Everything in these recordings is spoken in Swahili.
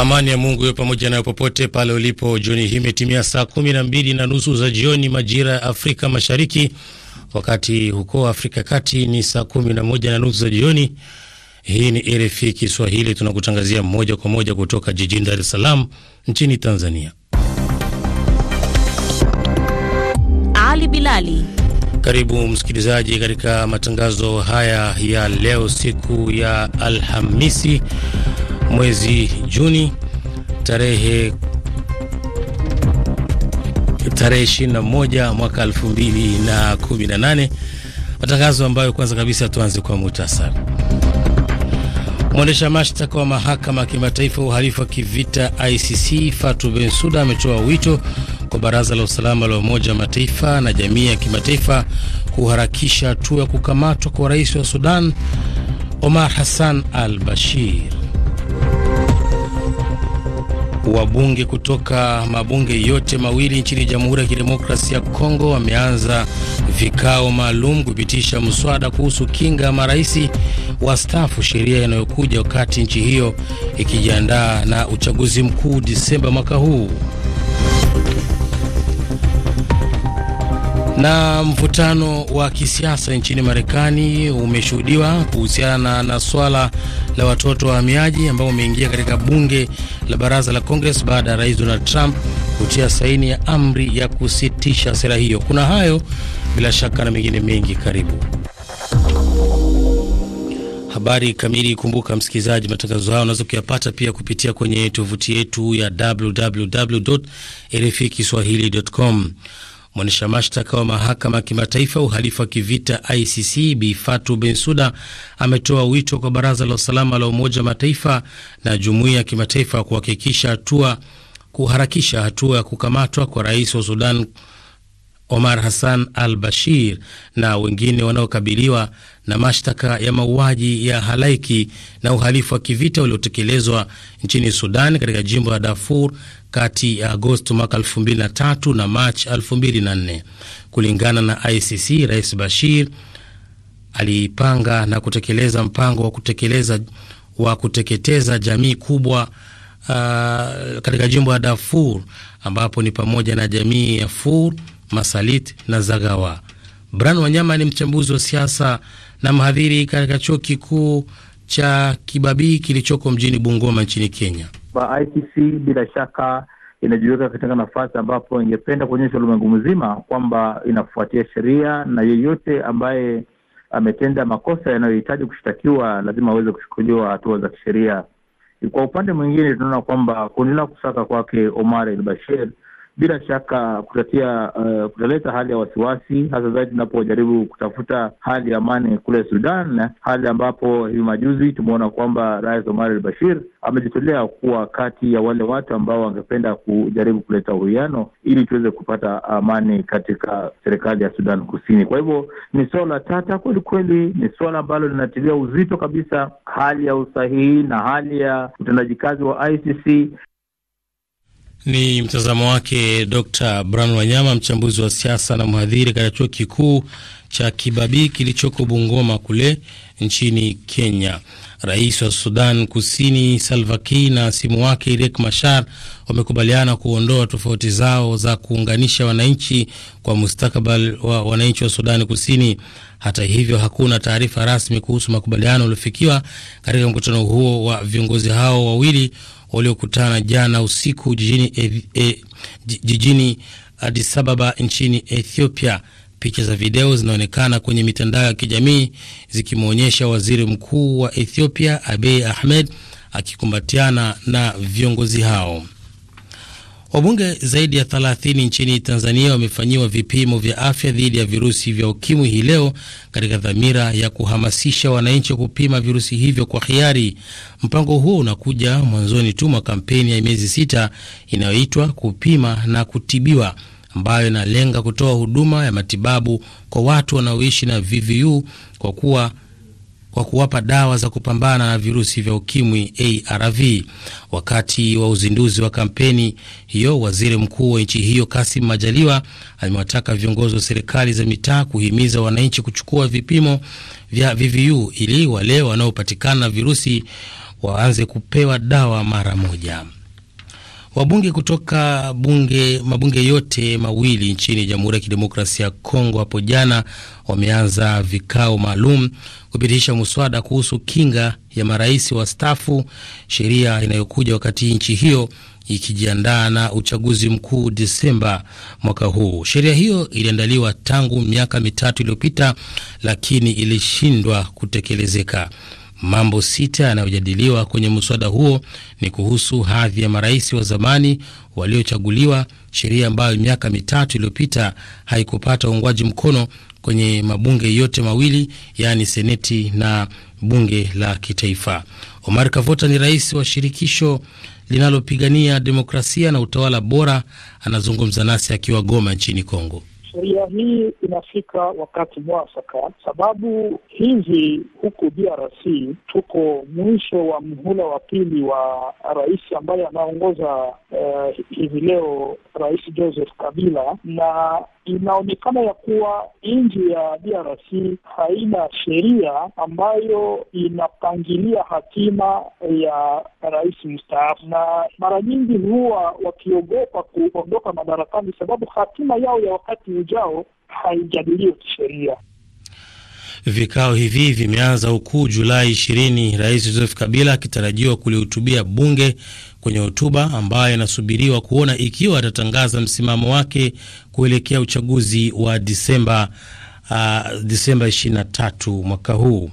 Amani ya Mungu iwe pamoja nayo popote pale ulipo. Jioni hii imetimia saa kumi na mbili na nusu za jioni majira ya Afrika Mashariki, wakati huko Afrika Kati ni saa kumi na moja na nusu za jioni. Hii ni RFI Kiswahili, tunakutangazia moja kwa moja kutoka jijini Dar es Salaam nchini Tanzania. Ali Bilali, karibu msikilizaji katika matangazo haya ya leo, siku ya Alhamisi mwezi Juni tarehe tarehe 21 mwaka 2018. Matangazo ambayo kwanza kabisa tuanze kwa muhtasari. Mwendesha mashtaka wa mahakama ya kimataifa uhalifu wa kivita ICC Fatu Bensuda ametoa wito kwa baraza la usalama la Umoja wa Mataifa na jamii ya kimataifa kuharakisha hatua ya kukamatwa kwa rais wa Sudan Omar Hassan al-Bashir. Wabunge kutoka mabunge yote mawili nchini Jamhuri ya Kidemokrasia ya Kongo wameanza vikao maalum kupitisha mswada kuhusu kinga ya marais wastaafu, sheria inayokuja wakati nchi hiyo ikijiandaa na uchaguzi mkuu Disemba mwaka huu. Na mvutano wa kisiasa nchini Marekani umeshuhudiwa kuhusiana na swala la watoto wa wahamiaji ambao umeingia katika bunge la baraza la Congress baada ya Rais Donald Trump kutia saini ya amri ya kusitisha sera hiyo. Kuna hayo bila shaka na mengine mengi, karibu Habari kamili. Kumbuka msikilizaji, matangazo hayo unaweza kuyapata pia kupitia kwenye tovuti yetu ya www RFI Kiswahili.com. Mwendesha mashtaka wa mahakama ya kimataifa uhalifu wa kivita ICC Bi Fatou Bensouda ametoa wito kwa baraza la usalama la Umoja wa Mataifa na jumuiya ya kimataifa kuhakikisha hatua kuharakisha hatua ya kukamatwa kwa rais wa Sudan Omar Hassan al Bashir na wengine wanaokabiliwa na mashtaka ya mauaji ya halaiki na uhalifu wa kivita uliotekelezwa nchini Sudan katika jimbo la Darfur kati ya Agosto mwaka 2003 na Machi 2004. Kulingana na ICC, Rais Bashir alipanga na kutekeleza mpango wa kutekeleza wa kuteketeza jamii kubwa uh, katika jimbo la Darfur ambapo ni pamoja na jamii ya Fur, Masalit na Zagawa. Bran Wanyama ni mchambuzi wa siasa na mhadhiri katika chuo kikuu cha Kibabii kilichoko mjini Bungoma nchini Kenya ba ITC bila shaka inajiweka katika nafasi ambapo ingependa kuonyesha ulimwengu mzima kwamba inafuatia sheria na yeyote ambaye ametenda makosa yanayohitaji kushtakiwa lazima aweze kuchukuliwa hatua za kisheria. Kwa upande mwingine, tunaona kwamba kuendelea kusaka kwake Omar al Bashir bila shaka kutatia uh, kutaleta hali ya wasiwasi, hasa zaidi tunapojaribu kutafuta hali ya amani kule Sudan, hali ambapo hivi majuzi tumeona kwamba Rais Omar al Bashir amejitolea kuwa kati ya wale watu ambao wangependa kujaribu kuleta uwiano ili tuweze kupata amani katika serikali ya Sudan Kusini. Kwa hivyo ni swala tata kweli kweli, ni swala ambalo linatilia uzito kabisa hali ya usahihi na hali ya utendaji kazi wa ICC ni mtazamo wake Dr Bran Wanyama, mchambuzi wa siasa na mhadhiri katika chuo kikuu cha Kibabii kilichoko Bungoma kule nchini Kenya. Rais wa Sudan Kusini Salva Kiir na simu wake Riek Machar wamekubaliana kuondoa tofauti zao za kuunganisha wananchi kwa mustakabali wa wananchi wa Sudani Kusini. Hata hivyo, hakuna taarifa rasmi kuhusu makubaliano yaliyofikiwa katika mkutano huo wa viongozi hao wawili waliokutana jana usiku jijini, e, e, jijini Addis Ababa nchini Ethiopia. Picha za video zinaonekana kwenye mitandao ya kijamii zikimwonyesha waziri mkuu wa Ethiopia Abiy Ahmed akikumbatiana na viongozi hao. Wabunge zaidi ya 30 nchini Tanzania wamefanyiwa vipimo vya afya dhidi ya virusi vya ukimwi hii leo katika dhamira ya kuhamasisha wananchi kupima virusi hivyo kwa hiari. Mpango huo unakuja mwanzoni tu mwa kampeni ya miezi sita inayoitwa kupima na kutibiwa ambayo inalenga kutoa huduma ya matibabu kwa watu wanaoishi na VVU kwa kuwa kwa kuwapa dawa za kupambana na virusi vya ukimwi ARV. Wakati wa uzinduzi wa kampeni hiyo, waziri mkuu wa nchi hiyo kasim Majaliwa amewataka viongozi wa serikali za mitaa kuhimiza wananchi kuchukua vipimo vya VVU ili wale wanaopatikana na virusi waanze kupewa dawa mara moja. Wabunge kutoka bunge mabunge yote mawili nchini Jamhuri ya Kidemokrasia ya Kongo hapo jana wameanza vikao maalum kupitisha muswada kuhusu kinga ya marais wastaafu, sheria inayokuja wakati nchi hiyo ikijiandaa na uchaguzi mkuu Desemba mwaka huu. Sheria hiyo iliandaliwa tangu miaka mitatu iliyopita, lakini ilishindwa kutekelezeka. Mambo sita yanayojadiliwa kwenye mswada huo ni kuhusu hadhi ya marais wa zamani waliochaguliwa, sheria ambayo miaka mitatu iliyopita haikupata uungwaji mkono kwenye mabunge yote mawili, yaani seneti na bunge la kitaifa. Omar Kavota ni rais wa shirikisho linalopigania demokrasia na utawala bora, anazungumza nasi akiwa Goma nchini Kongo sheria hii inafika wakati mwafaka, sababu hizi huku DRC tuko mwisho wa mhula wa pili wa rais ambaye anaongoza eh, hivi leo Rais Joseph Kabila na inaonekana ya kuwa nchi ya DRC haina sheria ambayo inapangilia hatima ya rais mstaafu, na mara nyingi huwa wakiogopa kuondoka madarakani, sababu hatima yao ya wakati ujao haijadiliwe kisheria. Vikao hivi vimeanza huku Julai ishirini Rais Joseph Kabila akitarajiwa kulihutubia bunge kwenye hotuba ambayo inasubiriwa kuona ikiwa atatangaza msimamo wake kuelekea uchaguzi wa Disemba uh, Disemba 23 mwaka huu.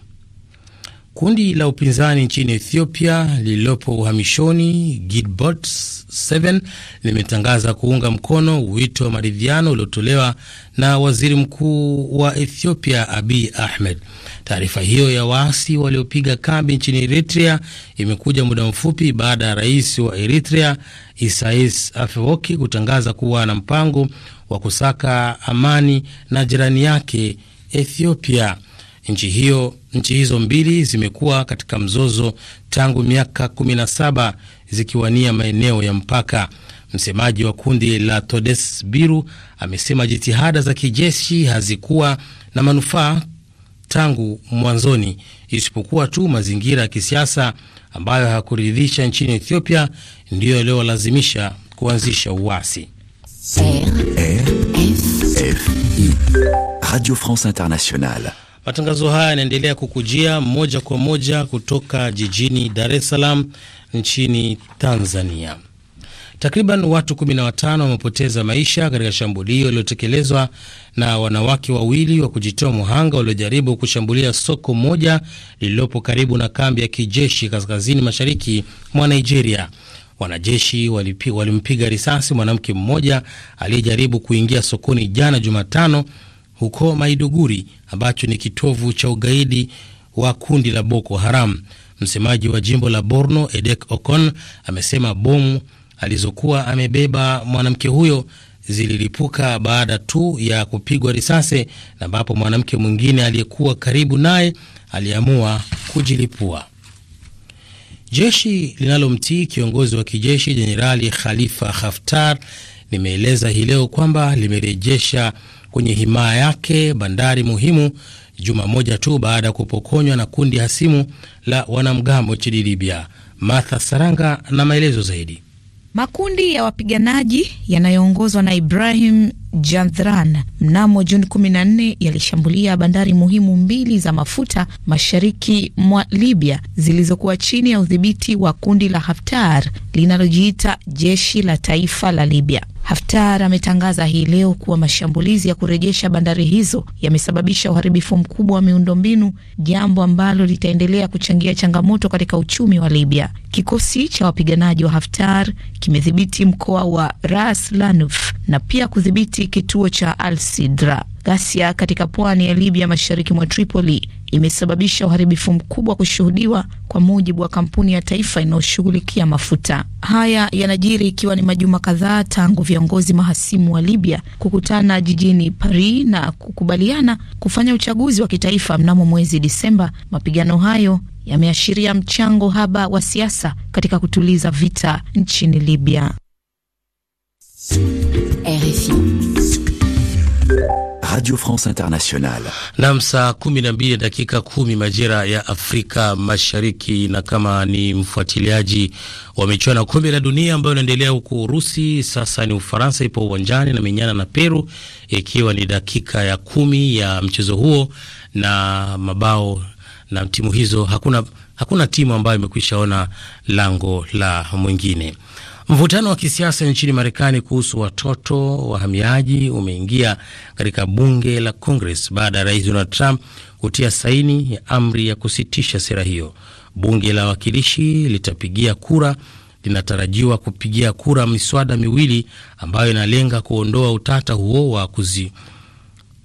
Kundi la upinzani nchini Ethiopia lililopo uhamishoni Gidbot 7 limetangaza kuunga mkono wito wa maridhiano uliotolewa na waziri mkuu wa Ethiopia Abiy Ahmed. Taarifa hiyo ya waasi waliopiga kambi nchini Eritrea imekuja muda mfupi baada ya rais wa Eritrea Isaias Afwerki kutangaza kuwa na mpango wa kusaka amani na jirani yake Ethiopia. Nchi hiyo nchi hizo mbili zimekuwa katika mzozo tangu miaka 17 zikiwania maeneo ya mpaka. Msemaji wa kundi la Todes Biru amesema jitihada za kijeshi hazikuwa na manufaa tangu mwanzoni, isipokuwa tu mazingira ya kisiasa ambayo hayakuridhisha nchini Ethiopia ndiyo yaliyolazimisha kuanzisha uasi. I Radio France Internationale. Matangazo haya yanaendelea kukujia moja kwa moja kutoka jijini Dar es Salaam nchini Tanzania. Takriban watu 15 wamepoteza maisha katika shambulio lililotekelezwa na wanawake wawili wa kujitoa muhanga waliojaribu kushambulia soko moja lililopo karibu na kambi ya kijeshi kaskazini mashariki mwa Nigeria. Wanajeshi walimpiga walimpiga risasi mwanamke mmoja aliyejaribu kuingia sokoni jana Jumatano huko Maiduguri ambacho ni kitovu cha ugaidi wa kundi la Boko Haram. Msemaji wa jimbo la Borno Edek Okon amesema bomu alizokuwa amebeba mwanamke huyo zililipuka baada tu ya kupigwa risasi, na ambapo mwanamke mwingine aliyekuwa karibu naye aliamua kujilipua. Jeshi linalomtii kiongozi wa kijeshi Jenerali Khalifa Haftar limeeleza hii leo kwamba limerejesha kwenye himaya yake bandari muhimu juma moja tu baada ya kupokonywa na kundi hasimu la wanamgambo nchini Libya. Martha Saranga na maelezo zaidi. Makundi ya wapiganaji yanayoongozwa na Ibrahim Jandran mnamo Juni 14 yalishambulia bandari muhimu mbili za mafuta mashariki mwa Libya zilizokuwa chini ya udhibiti wa kundi la Haftar linalojiita jeshi la taifa la Libya. Haftar ametangaza hii leo kuwa mashambulizi ya kurejesha bandari hizo yamesababisha uharibifu mkubwa wa miundombinu, jambo ambalo litaendelea kuchangia changamoto katika uchumi wa Libya. Kikosi cha wapiganaji wa Haftar kimedhibiti mkoa wa Ras Lanuf na pia kudhibiti kituo cha Al Sidra. Ghasia katika pwani ya Libya mashariki mwa Tripoli imesababisha uharibifu mkubwa kushuhudiwa kwa mujibu wa kampuni ya taifa inayoshughulikia mafuta. Haya yanajiri ikiwa ni majuma kadhaa tangu viongozi mahasimu wa Libya kukutana jijini Paris na kukubaliana kufanya uchaguzi wa kitaifa mnamo mwezi Disemba. Mapigano hayo yameashiria mchango haba wa siasa katika kutuliza vita nchini Libya. RFI Radio France Internationale. Nam, saa kumi na mbili dakika kumi majira ya Afrika Mashariki, na kama ni mfuatiliaji wa michuano ya kombe la dunia ambayo inaendelea huko Urusi, sasa ni Ufaransa ipo uwanjani na menyana na Peru, ikiwa ni dakika ya kumi ya mchezo huo na mabao na timu hizo, hakuna, hakuna timu ambayo imekwishaona lango la mwingine. Mvutano wa kisiasa nchini Marekani kuhusu watoto wahamiaji umeingia katika bunge la Congress baada ya rais Donald Trump kutia saini ya amri ya kusitisha sera hiyo. Bunge la Wawakilishi litapigia kura, linatarajiwa kupigia kura miswada miwili ambayo inalenga kuondoa utata huo wa kuzi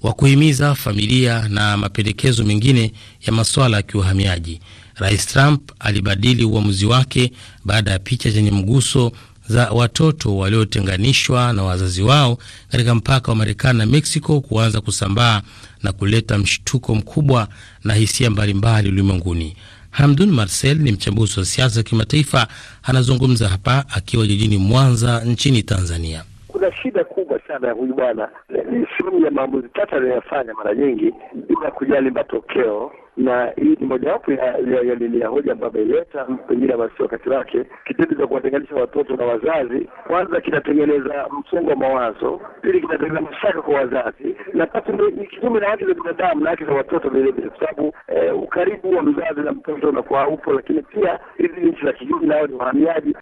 wa kuhimiza familia na mapendekezo mengine ya masuala ya kiuhamiaji. Rais Trump alibadili uamuzi wake baada ya picha zenye mguso za watoto waliotenganishwa na wazazi wao katika mpaka wa Marekani na Meksiko kuanza kusambaa na kuleta mshtuko mkubwa na hisia mbalimbali ulimwenguni. Hamdun Marcel ni mchambuzi wa siasa za kimataifa, anazungumza hapa akiwa jijini Mwanza nchini Tanzania. Kuna shida kubwa sana ya huyu bwana, ni sehemu ya maamuzi tata anayoyafanya mara nyingi bila kujali matokeo na hii ni mojawapo ya, ya, ya, ya hoja ambayo ameileta pengine basi wakati wake. Kitendo cha kuwatenganisha watoto na wazazi, kwanza kinatengeneza msongo wa mawazo, pili kinatengeneza mashaka kwa wazazi, na tatu ni kinyume na haki za binadamu na haki za watoto vilevile, kwa sababu eh, ukaribu wa mzazi na mtoto unakuwa upo, lakini pia hizi nchi za kijiji nao ni wahamiaji.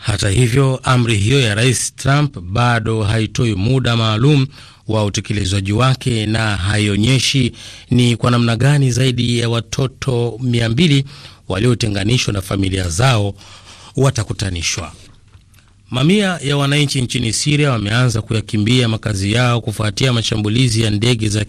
Hata hivyo, amri hiyo ya Rais Trump bado haitoi muda maalum wa utekelezaji wake na haionyeshi ni kwa namna gani zaidi ya watoto 200 waliotenganishwa na familia zao watakutanishwa. Mamia ya wananchi nchini Siria wameanza kuyakimbia makazi yao kufuatia mashambulizi ya ndege za,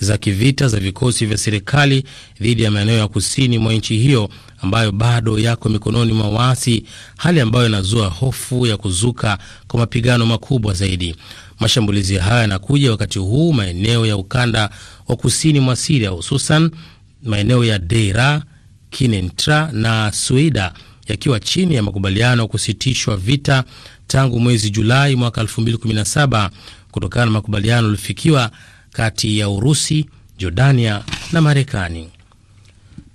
za kivita za vikosi vya serikali dhidi ya maeneo ya kusini mwa nchi hiyo ambayo bado yako mikononi mwa waasi, hali ambayo inazua hofu ya kuzuka kwa mapigano makubwa zaidi. Mashambulizi haya yanakuja wakati huu maeneo ya ukanda wa kusini mwa Siria, hususan maeneo ya Deira, Kinentra na Suida yakiwa chini ya makubaliano kusitishwa vita tangu mwezi Julai mwaka 2017 kutokana na makubaliano yaliyofikiwa kati ya Urusi, Jordania na Marekani.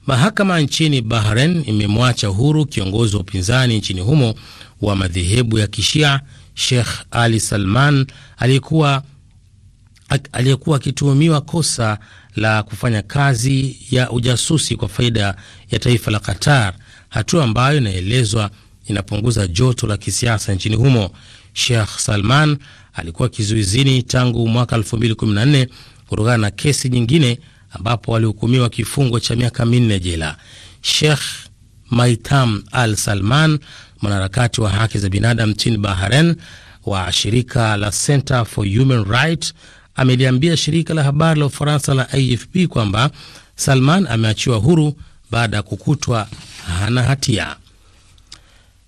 Mahakama nchini Bahrain imemwacha huru kiongozi wa upinzani nchini humo wa madhehebu ya Kishia Sheikh Ali Salman aliyekuwa aliyekuwa akituhumiwa kosa la kufanya kazi ya ujasusi kwa faida ya taifa la Qatar hatua ambayo inaelezwa inapunguza joto la kisiasa nchini humo. Sheikh Salman alikuwa kizuizini tangu mwaka 2014 kutokana na kesi nyingine ambapo alihukumiwa kifungo cha miaka minne jela. Sheikh Maitam Al Salman, mwanaharakati wa haki za binadamu nchini Bahrain wa shirika la Center for Human Rights, ameliambia shirika la habari la Ufaransa la AFP kwamba Salman ameachiwa huru baada ya kukutwa hana hatia.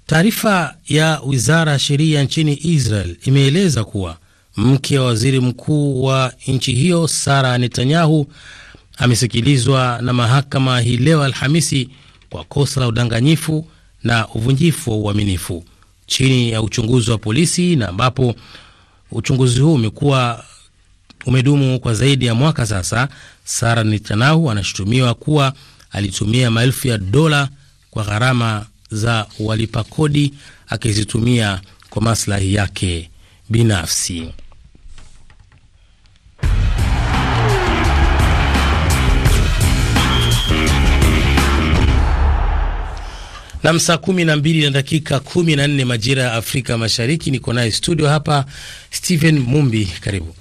Taarifa ya wizara ya sheria nchini Israel imeeleza kuwa mke wa waziri mkuu wa nchi hiyo Sara Netanyahu amesikilizwa na mahakama hii leo Alhamisi kwa kosa la udanganyifu na uvunjifu wa uaminifu chini ya uchunguzi wa polisi, na ambapo uchunguzi huu umekuwa umedumu kwa zaidi ya mwaka sasa. Sara Netanyahu anashutumiwa kuwa alitumia maelfu ya dola kwa gharama za walipa kodi akizitumia kwa maslahi yake binafsi. Nam, saa kumi na mbili na dakika kumi na nne majira ya Afrika Mashariki. Niko naye studio hapa Stephen Mumbi, karibu.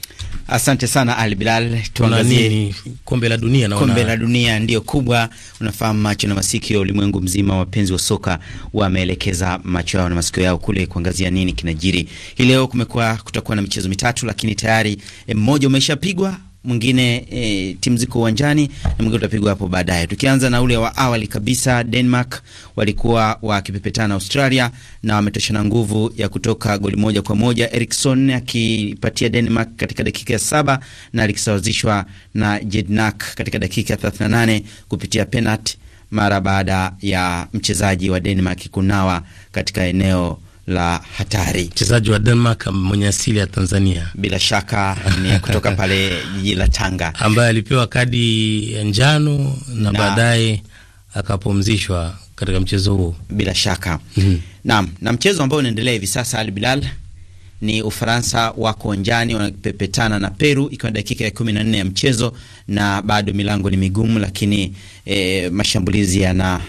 Asante sana al Bilal, tuangazie kombe la dunia. Naona kombe la dunia ndio kubwa, unafahamu, macho na masikio ulimwengu mzima, wapenzi wa soka wameelekeza macho yao na masikio yao kule kuangazia nini kinajiri hii leo. Kumekuwa kutakuwa na michezo mitatu, lakini tayari eh, mmoja umeshapigwa mwingine e, timu ziko uwanjani na mwingine utapigwa hapo baadaye. Tukianza na ule wa awali kabisa, Denmark walikuwa wakipepetana Australia na wametoshana nguvu ya kutoka goli moja kwa moja, Erikson akipatia Denmark katika dakika ya saba na alikisawazishwa na Jednak katika dakika ya 38 kupitia penalti mara baada ya mchezaji wa Denmark kunawa katika eneo la hatari. Mchezaji wa Denmark mwenye asili ya Tanzania, bila shaka ni kutoka pale jiji la Tanga, ambaye alipewa kadi ya njano na, na baadaye akapumzishwa katika mchezo huo bila shaka. mm -hmm. Naam, na mchezo ambao unaendelea hivi sasa Al Bilal ni Ufaransa wako njani wanapepetana na Peru ikiwa na dakika ya kumi na nne ya mchezo na bado milango ni migumu, lakini e, mashambulizi yana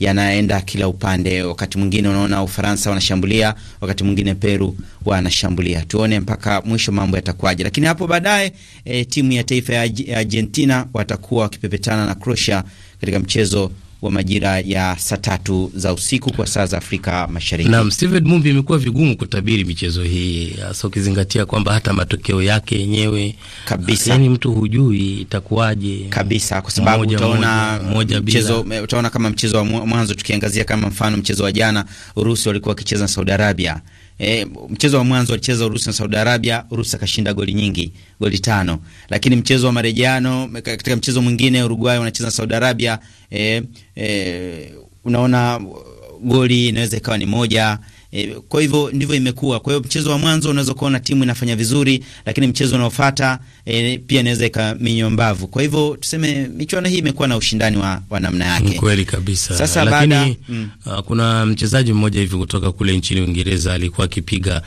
yanaenda kila upande. Wakati mwingine unaona Ufaransa wanashambulia, wakati mwingine Peru wanashambulia. Tuone mpaka mwisho mambo yatakuwaje, lakini hapo baadaye e, timu ya taifa ya Argentina watakuwa wakipepetana na Croatia katika mchezo wa majira ya saa tatu za usiku kwa saa za Afrika Mashariki. Naam, Steven Mumbi, imekuwa vigumu kutabiri michezo hii hasa ukizingatia kwamba hata matokeo yake yenyewe kabisa, yani mtu hujui itakuwaje kabisa, kwa sababu utaona moja mchezo, utaona kama mchezo wa mwanzo tukiangazia kama mfano mchezo wa jana, Urusi walikuwa wakicheza na Saudi Arabia e, mchezo wa mwanzo alicheza Urusi na Saudi Arabia, Urusi akashinda goli nyingi, goli tano. Lakini mchezo wa marejeano, katika mchezo mwingine Uruguay wanacheza na Saudi Arabia, e, e, unaona goli inaweza ikawa ni moja E, kwa hivyo ndivyo imekuwa. Kwa hiyo mchezo wa mwanzo unaweza kuona timu inafanya vizuri, lakini mchezo unaofuata e, pia inaweza ikaminywa mbavu. Kwa hivyo tuseme michuano hii imekuwa na ushindani wa, wa namna yake. Kweli kabisa. Sasa lakini, bada, mm. Uh, kuna mchezaji mmoja hivi kutoka kule nchini Uingereza alikuwa akipiga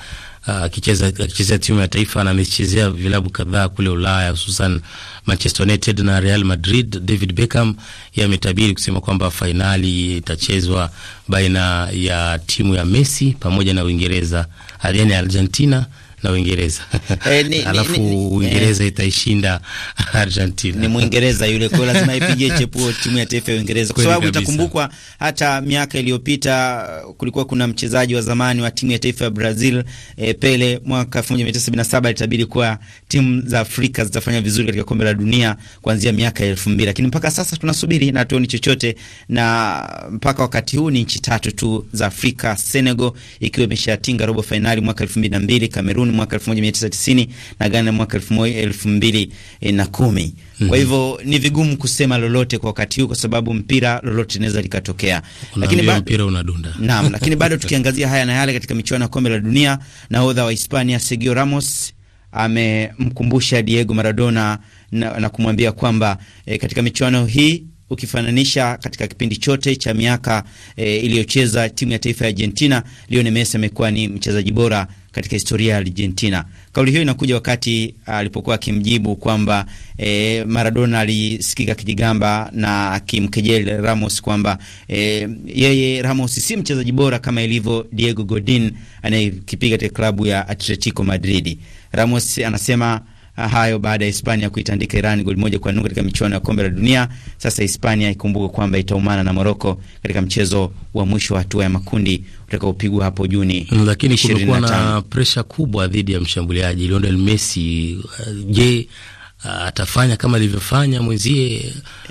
Ah, akichezea timu ya taifa na amechezea vilabu kadhaa kule Ulaya, hususan Manchester United na Real Madrid. David Beckham yeye ametabiri kusema kwamba fainali itachezwa baina ya timu ya Messi pamoja na Uingereza, yaani Argentina na Uingereza e, ni, alafu Uingereza e, itaishinda Argentina. Ni Mwingereza yule, kwa lazima ipige chepuo timu ya taifa ya Uingereza, kwa sababu itakumbukwa hata miaka iliyopita uh, kulikuwa kuna mchezaji wa zamani wa timu ya taifa ya Brazil e, Pele mwaka 1977 itabidi kuwa timu za Afrika zitafanya vizuri katika kombe la dunia kuanzia miaka 2000, lakini mpaka sasa tunasubiri na tuoni chochote, na mpaka wakati huu ni nchi tatu tu za Afrika, Senegal ikiwa imeshatinga robo fainali mwaka 2002, Kamerun mwaka 1990 na Ghana mwaka 2010. mm-hmm. Kwa hivyo ni vigumu kusema lolote kwa wakati huu, kwa sababu mpira lolote linaweza likatokea, lakini bado mpira unadunda. Naam, lakini bado tukiangazia haya na yale katika michuano ya kombe la dunia, nahodha wa Hispania Sergio Ramos amemkumbusha Diego Maradona na, na kumwambia kwamba e, katika michuano hii ukifananisha katika kipindi chote cha miaka e, iliyocheza timu ya taifa ya Argentina, Lionel Messi amekuwa ni mchezaji bora katika historia ya Argentina. Kauli hiyo inakuja wakati ah, alipokuwa akimjibu kwamba e, Maradona alisikika kijigamba na akimkejeli Ramos kwamba e, yeye Ramos si mchezaji bora kama ilivyo Diego Godin anayekipiga katika klabu ya Atletico Madrid. Ramos anasema Ah, hayo baada ya Hispania kuitandika Iran goli moja kwa nungu katika michuano ya kombe la dunia. Sasa Hispania ikumbuka kwamba itaumana na Moroko katika mchezo wa mwisho wa hatua ya makundi utakaopigwa hapo Juni. Lakini kumekuwa na presha kubwa dhidi ya mshambuliaji Lionel Messi. Ah, je, Ah, atafanya kama alivyofanya mwenzie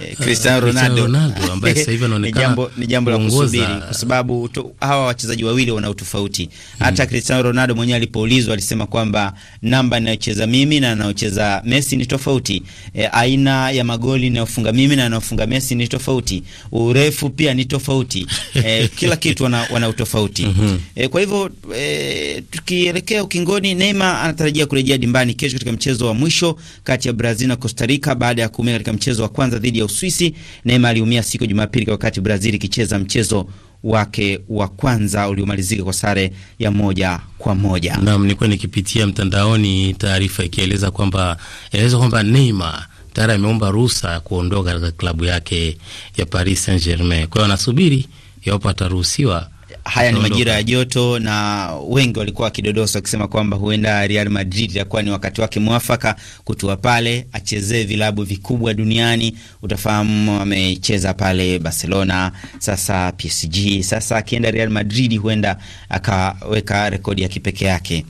eh, ah, Cristiano uh, Ronaldo, Ronaldo ambaye sasa hivi anaonekana ni jambo, ni jambo la kusubiri kwa sababu hawa wachezaji wawili wana utofauti hmm. hata hmm. Cristiano Ronaldo mwenyewe alipoulizwa alisema kwamba namba ninayocheza mimi na anaocheza Messi ni tofauti e, aina ya magoli ninayofunga mimi na anaofunga Messi ni tofauti, urefu pia ni tofauti e, kila kitu wana, wana utofauti Mm hmm. e, kwa hivyo e, tukielekea ukingoni, Neymar anatarajia kurejea dimbani kesho katika mchezo wa mwisho kati ya Brazil na Costa Rica baada ya kuumia katika mchezo wa kwanza dhidi ya Uswisi. Neymar aliumia siku ya Jumapili wakati Brazil ikicheza mchezo wake wa kwanza uliomalizika kwa sare ya moja kwa moja. Naam, nilikuwa nikipitia mtandaoni taarifa ikieleza kwamba eleza kwamba Neymar tayari ameomba ruhusa ya kuondoka katika klabu yake ya Paris Saint-Germain. Kwa hiyo anasubiri iwapo ataruhusiwa haya ni majira ya joto, na wengi walikuwa wakidodosa wakisema kwamba huenda Real Madrid itakuwa ni wakati wake mwafaka kutua pale, achezee vilabu vikubwa duniani. Utafahamu amecheza pale Barcelona, sasa PSG, sasa akienda Real Madrid huenda akaweka rekodi ya kipekee yake.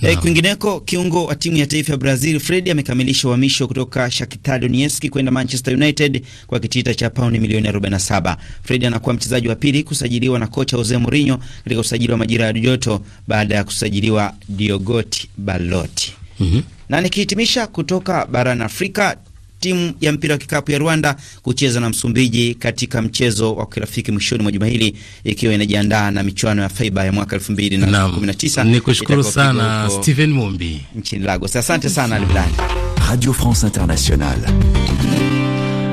E, kwingineko kiungo wa timu ya taifa ya Brazil Fred amekamilisha uhamisho kutoka Shakhtar Donetsk kwenda Manchester United kwa kitita cha paundi milioni 47. Fred anakuwa mchezaji wa pili kusajiliwa na kocha Jose Mourinho katika usajili wa majira ya joto baada ya kusajiliwa Diogo Baloti. Mm -hmm. Na nikihitimisha kutoka barani Afrika, timu ya mpira wa kikapu ya Rwanda kucheza na Msumbiji katika mchezo wa kirafiki mwishoni mwa juma hili ikiwa inajiandaa na michuano ya FIBA ya mwaka 2019. Nikushukuru sana Steven Mumbi nchini Lagos. Asante sana Albilani. Radio France Internationale.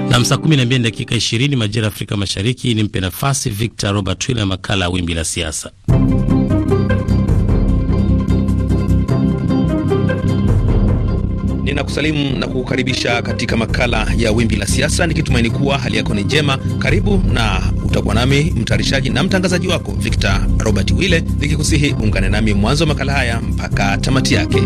Na saa na dakika 20 majira Afrika Mashariki, nimpe nafasi Victor Robert Wille makala ya wimbi la siasa. ninakusalimu na kukukaribisha katika makala ya Wimbi la Siasa, nikitumaini kuwa hali yako ni njema. Karibu na utakuwa nami mtayarishaji na mtangazaji wako Victor Robert Wille, nikikusihi ungane nami mwanzo wa makala haya mpaka tamati yake.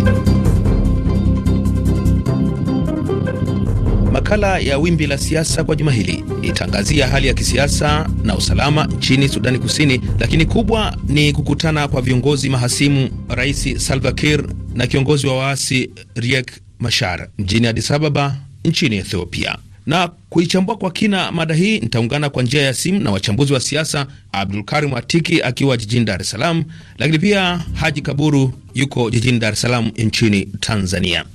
Makala ya wimbi la siasa kwa juma hili itaangazia hali ya kisiasa na usalama nchini Sudani Kusini, lakini kubwa ni kukutana kwa viongozi mahasimu Rais Salva Kiir na kiongozi wa waasi Riek Mashar mjini Addis Ababa nchini Ethiopia. Na kuichambua kwa kina mada hii, nitaungana kwa njia ya simu na wachambuzi wa siasa, Abdul Karim Atiki akiwa jijini Dar es Salaam, lakini pia Haji Kaburu yuko jijini Dar es Salaam nchini Tanzania.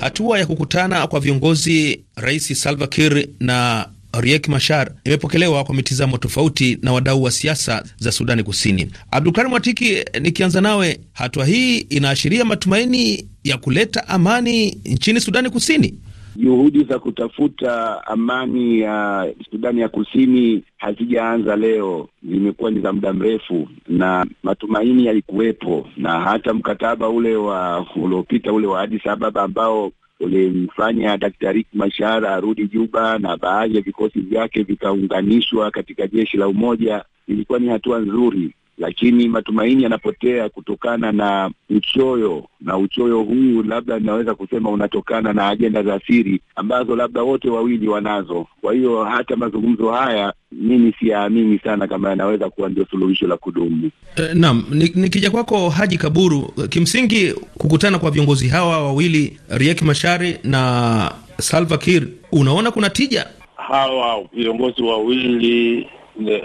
Hatua ya kukutana kwa viongozi Rais Salva Kiir na Riek mashar imepokelewa kwa mitizamo tofauti na wadau wa siasa za Sudani Kusini. Abdulkarim Watiki, nikianza nawe, hatua hii inaashiria matumaini ya kuleta amani nchini Sudani Kusini. Juhudi za kutafuta amani ya Sudani ya Kusini hazijaanza leo, zimekuwa ni za muda mrefu, na matumaini yalikuwepo, na hata mkataba ule wa uliopita ule wa Addis Ababa ambao ulimfanya Daktari Mashara arudi Juba na baadhi ya vikosi vyake vikaunganishwa katika jeshi la umoja, ilikuwa ni hatua nzuri, lakini matumaini yanapotea kutokana na uchoyo, na uchoyo huu labda inaweza kusema unatokana na ajenda za siri ambazo labda wote wawili wanazo. Kwa hiyo hata mazungumzo haya mimi siyaamini sana kama yanaweza kuwa ndio suluhisho la kudumu. E, naam. Nikija ni kwako Haji Kaburu, kimsingi kukutana kwa viongozi hawa wawili Riek Mashari na Salva Kiir, unaona kuna tija? Hawa viongozi wawili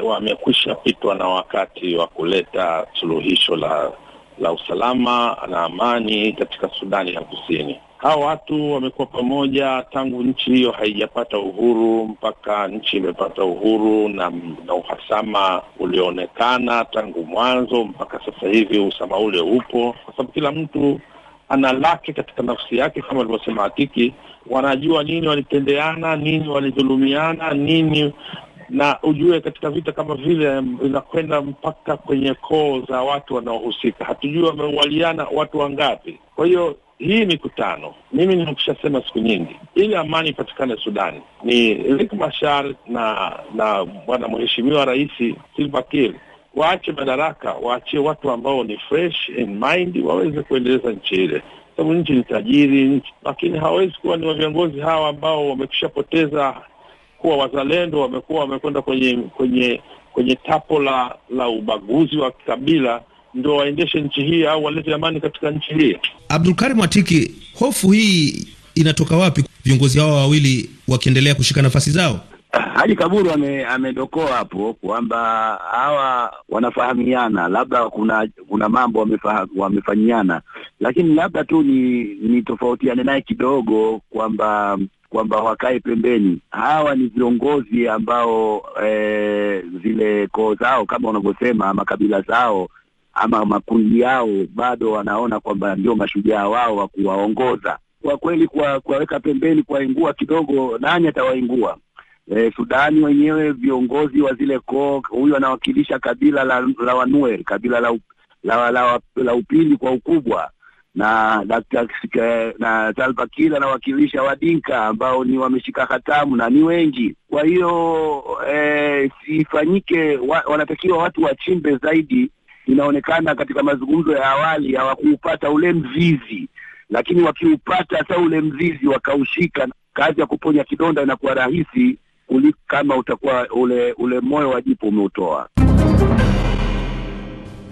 wamekwisha pitwa na wakati wa kuleta suluhisho la la usalama na amani katika Sudani ya Kusini hao watu wamekuwa pamoja tangu nchi hiyo haijapata uhuru mpaka nchi imepata uhuru, na, na uhasama ulioonekana tangu mwanzo mpaka sasa hivi usama ule upo, kwa sababu kila mtu ana lake katika nafsi yake, kama alivyosema hakiki wanajua nini walitendeana nini walidhulumiana, nini na ujue katika vita kama vile inakwenda mpaka kwenye koo za watu wanaohusika. Hatujui wameuwaliana watu wangapi. Kwa hiyo hii mikutano, mimi nimekushasema siku nyingi, ili amani ipatikane Sudani ni Riek Machar na na bwana mheshimiwa Rais Salva Kiir waache madaraka, waachie watu ambao ni fresh in mind waweze kuendeleza nchi ile, sababu nchi ni tajiri, lakini hawawezi kuwa ni viongozi hawa ambao wamekushapoteza kuwa wazalendo, wamekuwa wamekwenda kwenye kwenye kwenye tapo la la ubaguzi wa kikabila ndio waendeshe nchi hii au walete amani katika nchi hii. Abdulkarim Atiki, hofu hii inatoka wapi? Viongozi hao wawili wakiendelea kushika nafasi zao. Haji Kaburu amedokoa hapo kwamba hawa wanafahamiana, labda kuna kuna mambo wamefanyiana, lakini labda tu ni ni tofautiane naye kidogo kwamba kwamba wakae pembeni. Hawa ni viongozi ambao e, zile koo zao kama unavyosema makabila zao ama makundi yao bado wanaona kwamba ndio mashujaa wao wa kuwaongoza. Kwa kweli, kuwaweka pembeni, kuwaingua kidogo, nani atawaingua? E, Sudani wenyewe viongozi wa zile koo, huyu anawakilisha kabila la, la Wanuer, kabila la, la, la, la upili kwa ukubwa na na Salva Kiir anawakilisha Wadinka ambao ni wameshika hatamu na ni wengi. Kwa hiyo e, sifanyike wa, wanatakiwa watu wachimbe zaidi inaonekana katika mazungumzo ya awali hawakuupata ule mzizi, lakini wakiupata hata ule mzizi wakaushika, kazi ya kuponya kidonda inakuwa rahisi kuliko kama utakuwa ule ule moyo wa jipu umeutoa.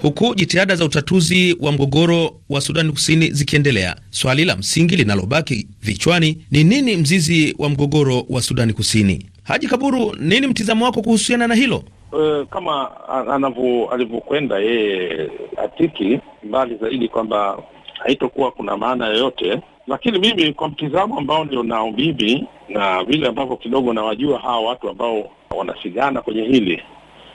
Huku jitihada za utatuzi wa mgogoro wa Sudani Kusini zikiendelea, swali la msingi linalobaki vichwani ni nini mzizi wa mgogoro wa Sudani Kusini? Haji Kaburu, nini mtizamo wako kuhusiana na hilo? uh, kama anavyo alivyokwenda yeye atiki mbali zaidi kwamba haitokuwa kuna maana yoyote, lakini mimi kwa mtizamo ambao ndio nao mimi na vile ambavyo kidogo nawajua hawa watu ambao wanasigana kwenye hili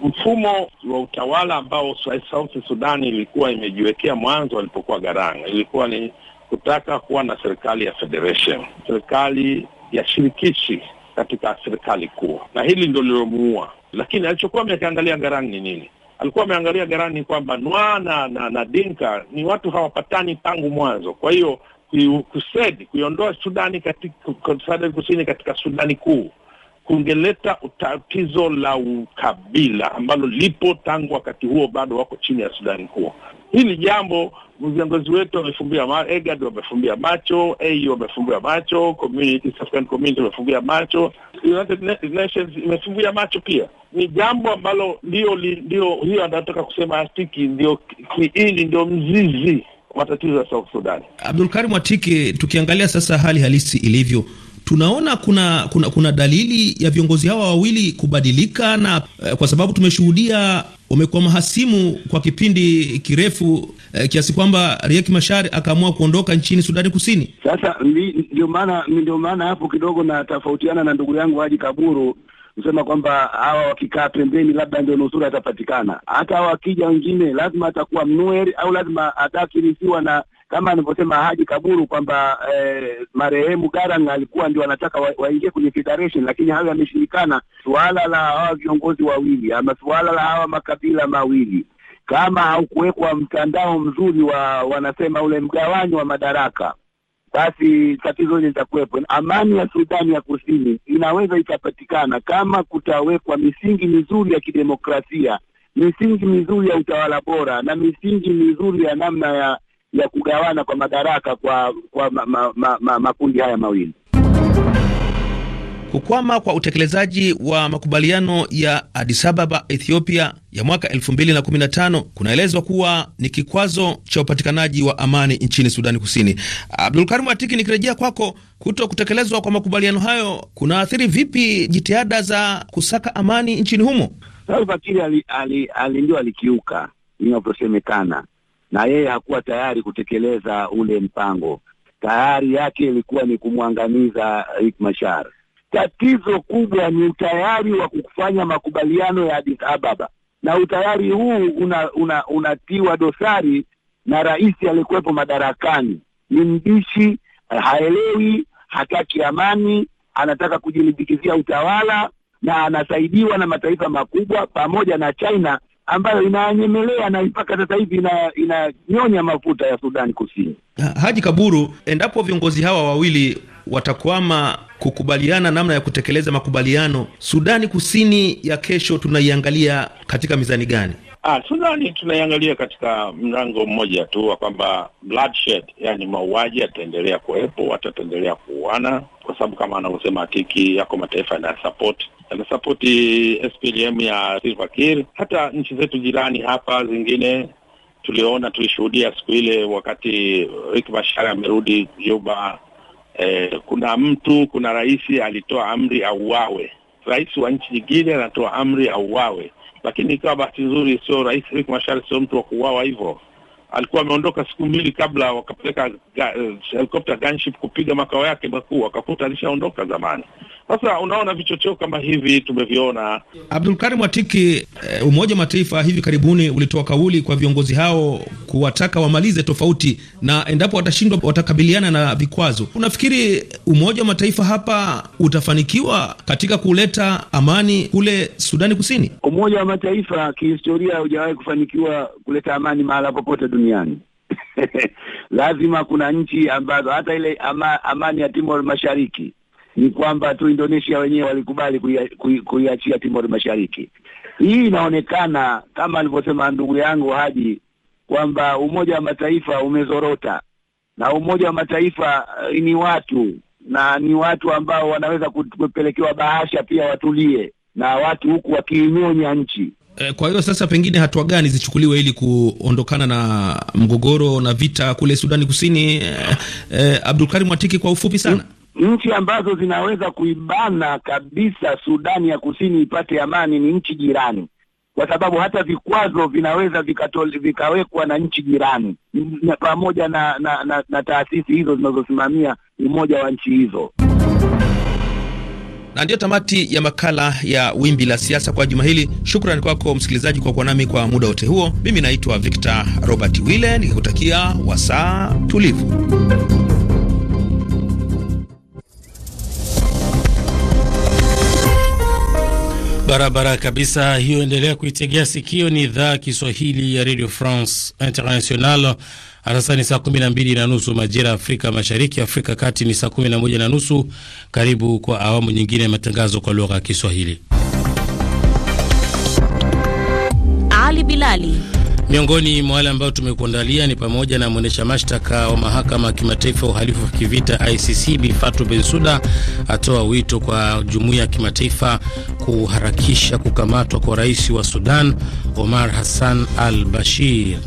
mfumo wa utawala ambao South Sudan ilikuwa imejiwekea mwanzo alipokuwa garanga ilikuwa ni kutaka kuwa na serikali ya federation, serikali ya shirikishi katika serikali kuu, na hili ndio lilomuua lakini alichokuwa amekiangalia Garang ni nini? Alikuwa ameangalia Garang ni kwamba Nwa na, na, na Dinka ni watu hawapatani tangu mwanzo, kwa hiyo kusedi kuiondoa Sudani katika, Kusini katika Sudani kuu kungeleta tatizo la ukabila ambalo lipo tangu wakati huo, bado wako chini ya Sudani kuu hili jambo viongozi wetu wamefumbia EGAD wamefumbia macho, AU wamefumbia macho, Community African Community wamefumbia macho, United Nations imefumbia macho pia. Ni jambo ambalo ndio ndio hiyo anataka kusema Atiki, ndio kiini, ndio mzizi wa tatizo ya South Sudan. Abdulkarim Atiki, tukiangalia sasa hali halisi ilivyo tunaona kuna, kuna kuna dalili ya viongozi hawa wawili kubadilika na eh, kwa sababu tumeshuhudia umekuwa mahasimu kwa kipindi kirefu eh, kiasi kwamba Riek Machar akaamua kuondoka nchini Sudani Kusini. Sasa ndio maana ndio maana hapo kidogo natofautiana na ndugu yangu Haji Kaburu kusema kwamba hawa wakikaa pembeni, labda ndio nusura atapatikana. Hata wakija wengine, lazima atakuwa mnuer au lazima atakirisiwa na kama anavyosema Haji Kaburu kwamba eh, marehemu Garang alikuwa ndio anataka waingie wa kwenye federation, lakini hayo yameshindikana. Suala la hawa viongozi wawili ama suala la hawa makabila mawili kama haukuwekwa mtandao mzuri wa wanasema ule mgawanyo wa madaraka, basi tatizo hili litakuwepo. Amani ya Sudani ya Kusini inaweza ikapatikana kama kutawekwa misingi mizuri ya kidemokrasia, misingi mizuri ya utawala bora na misingi mizuri ya namna ya ya kugawana kwa madaraka kwa kwa ma, ma, ma, ma, makundi haya mawili. Kukwama kwa utekelezaji wa makubaliano ya Addis Ababa, Ethiopia ya mwaka 2015 kunaelezwa kuwa ni kikwazo cha upatikanaji wa amani nchini Sudani Kusini. Abdulkarim Atiki, nikirejea kwako, kuto kutekelezwa kwa makubaliano hayo kunaathiri vipi jitihada za kusaka amani nchini humo? Salva Kiir ali, ali, ali ndio alikiuka inavyosemekana na yeye hakuwa tayari kutekeleza ule mpango. Tayari yake ilikuwa ni kumwangamiza Riek Machar. Tatizo kubwa ni utayari wa kufanya makubaliano ya Addis Ababa, na utayari huu unatiwa una, una dosari na rais aliyekuwepo madarakani. Ni mbishi, haelewi, hataki amani, anataka kujilimbikizia utawala na anasaidiwa na mataifa makubwa pamoja na China ambayo inaanyemelea na mpaka sasa hivi inanyonya ina mafuta ya Sudani Kusini. Haji Kaburu, endapo viongozi hawa wawili watakwama kukubaliana namna ya kutekeleza makubaliano, Sudani Kusini ya kesho tunaiangalia katika mizani gani? Ah, tunaiangalia katika mlango mmoja tu wa kwamba bloodshed, yani mauaji yataendelea kuwepo, watu wataendelea kuuana, kwa sababu kama anavyosema Tiki, yako mataifa yanayosapoti yanasapoti SPLM ya Salva Hata nchi zetu jirani hapa zingine tuliona, tulishuhudia siku ile wakati Riek amerudi Juba. Eh, kuna mtu, kuna rais alitoa amri auawe, rais wa nchi nyingine anatoa amri auawe lakini ikawa bahati nzuri, sio Rais Riek Machar sio mtu wa kuuawa hivyo. Alikuwa ameondoka siku mbili kabla, wakapeleka eh, helikopta gunship kupiga makao yake makuu, wakakuta alishaondoka zamani. Sasa unaona vichocheo kama hivi tumeviona. Abdulkarim Watiki, eh, Umoja wa Mataifa hivi karibuni ulitoa kauli kwa viongozi hao kuwataka wamalize tofauti, na endapo watashindwa watakabiliana na vikwazo. Unafikiri Umoja wa Mataifa hapa utafanikiwa katika kuleta amani kule Sudani Kusini? Umoja wa Mataifa kihistoria haujawahi kufanikiwa kuleta amani mahala popote duniani. Lazima kuna nchi ambazo hata ile ama, amani ya Timor Mashariki ni kwamba tu Indonesia wenyewe walikubali kuiachia Timor Mashariki. Hii inaonekana kama alivyosema ndugu yangu Haji kwamba Umoja wa Mataifa umezorota na Umoja wa Mataifa eh, ni watu na ni watu ambao wanaweza kupelekewa bahasha pia watulie na watu huku wakiinyonya nchi. Eh, kwa hiyo sasa, pengine hatua gani zichukuliwe ili kuondokana na mgogoro na vita kule Sudani Kusini? Eh, eh, Abdulkarim Mwatiki, kwa ufupi sana nchi ambazo zinaweza kuibana kabisa Sudani ya Kusini ipate amani ni nchi jirani, kwa sababu hata vikwazo vinaweza vikatoli, vikawekwa na nchi jirani pamoja na, na, na, na taasisi hizo zinazosimamia umoja wa nchi hizo. Na ndiyo tamati ya makala ya Wimbi la Siasa kwa juma hili. Shukrani kwako msikilizaji kwa kuwa nami kwa muda wote huo. Mimi naitwa Victor Robert Wille nikikutakia wasaa tulivu. Barabara kabisa hiyo, endelea kuitegea sikio. Ni idhaa Kiswahili ya Radio France International. Sasa ni saa 12 na nusu majira ya Afrika Mashariki, Afrika Kati ni saa 11 na nusu. Karibu kwa awamu nyingine ya matangazo kwa lugha ya Kiswahili. Ali Bilali Miongoni mwa wale ambao tumekuandalia ni pamoja na mwendesha mashtaka wa mahakama ya kimataifa ya uhalifu wa kivita ICC Bi Fatou Bensouda atoa wito kwa jumuiya ya kimataifa kuharakisha kukamatwa kwa rais wa Sudan Omar Hassan al-Bashir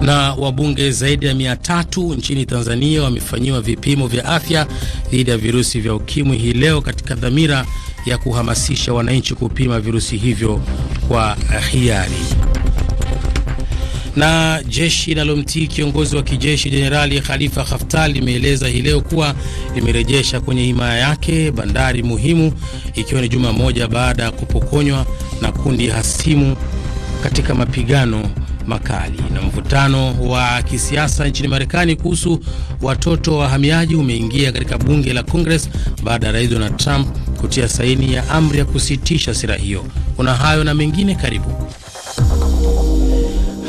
na wabunge zaidi ya mia tatu nchini Tanzania wamefanyiwa vipimo vya afya dhidi ya virusi vya ukimwi hii leo katika dhamira ya kuhamasisha wananchi kupima virusi hivyo kwa hiari. Na jeshi linalomtii kiongozi wa kijeshi Jenerali Khalifa Haftar limeeleza hii leo kuwa limerejesha kwenye himaya yake bandari muhimu, ikiwa ni juma moja baada ya kupokonywa na kundi hasimu katika mapigano makali. Na mvutano wa kisiasa nchini Marekani kuhusu watoto wa wahamiaji umeingia katika bunge la Congress baada ya rais Donald Trump kutia saini ya amri ya kusitisha sera hiyo. Kuna hayo na mengine, karibu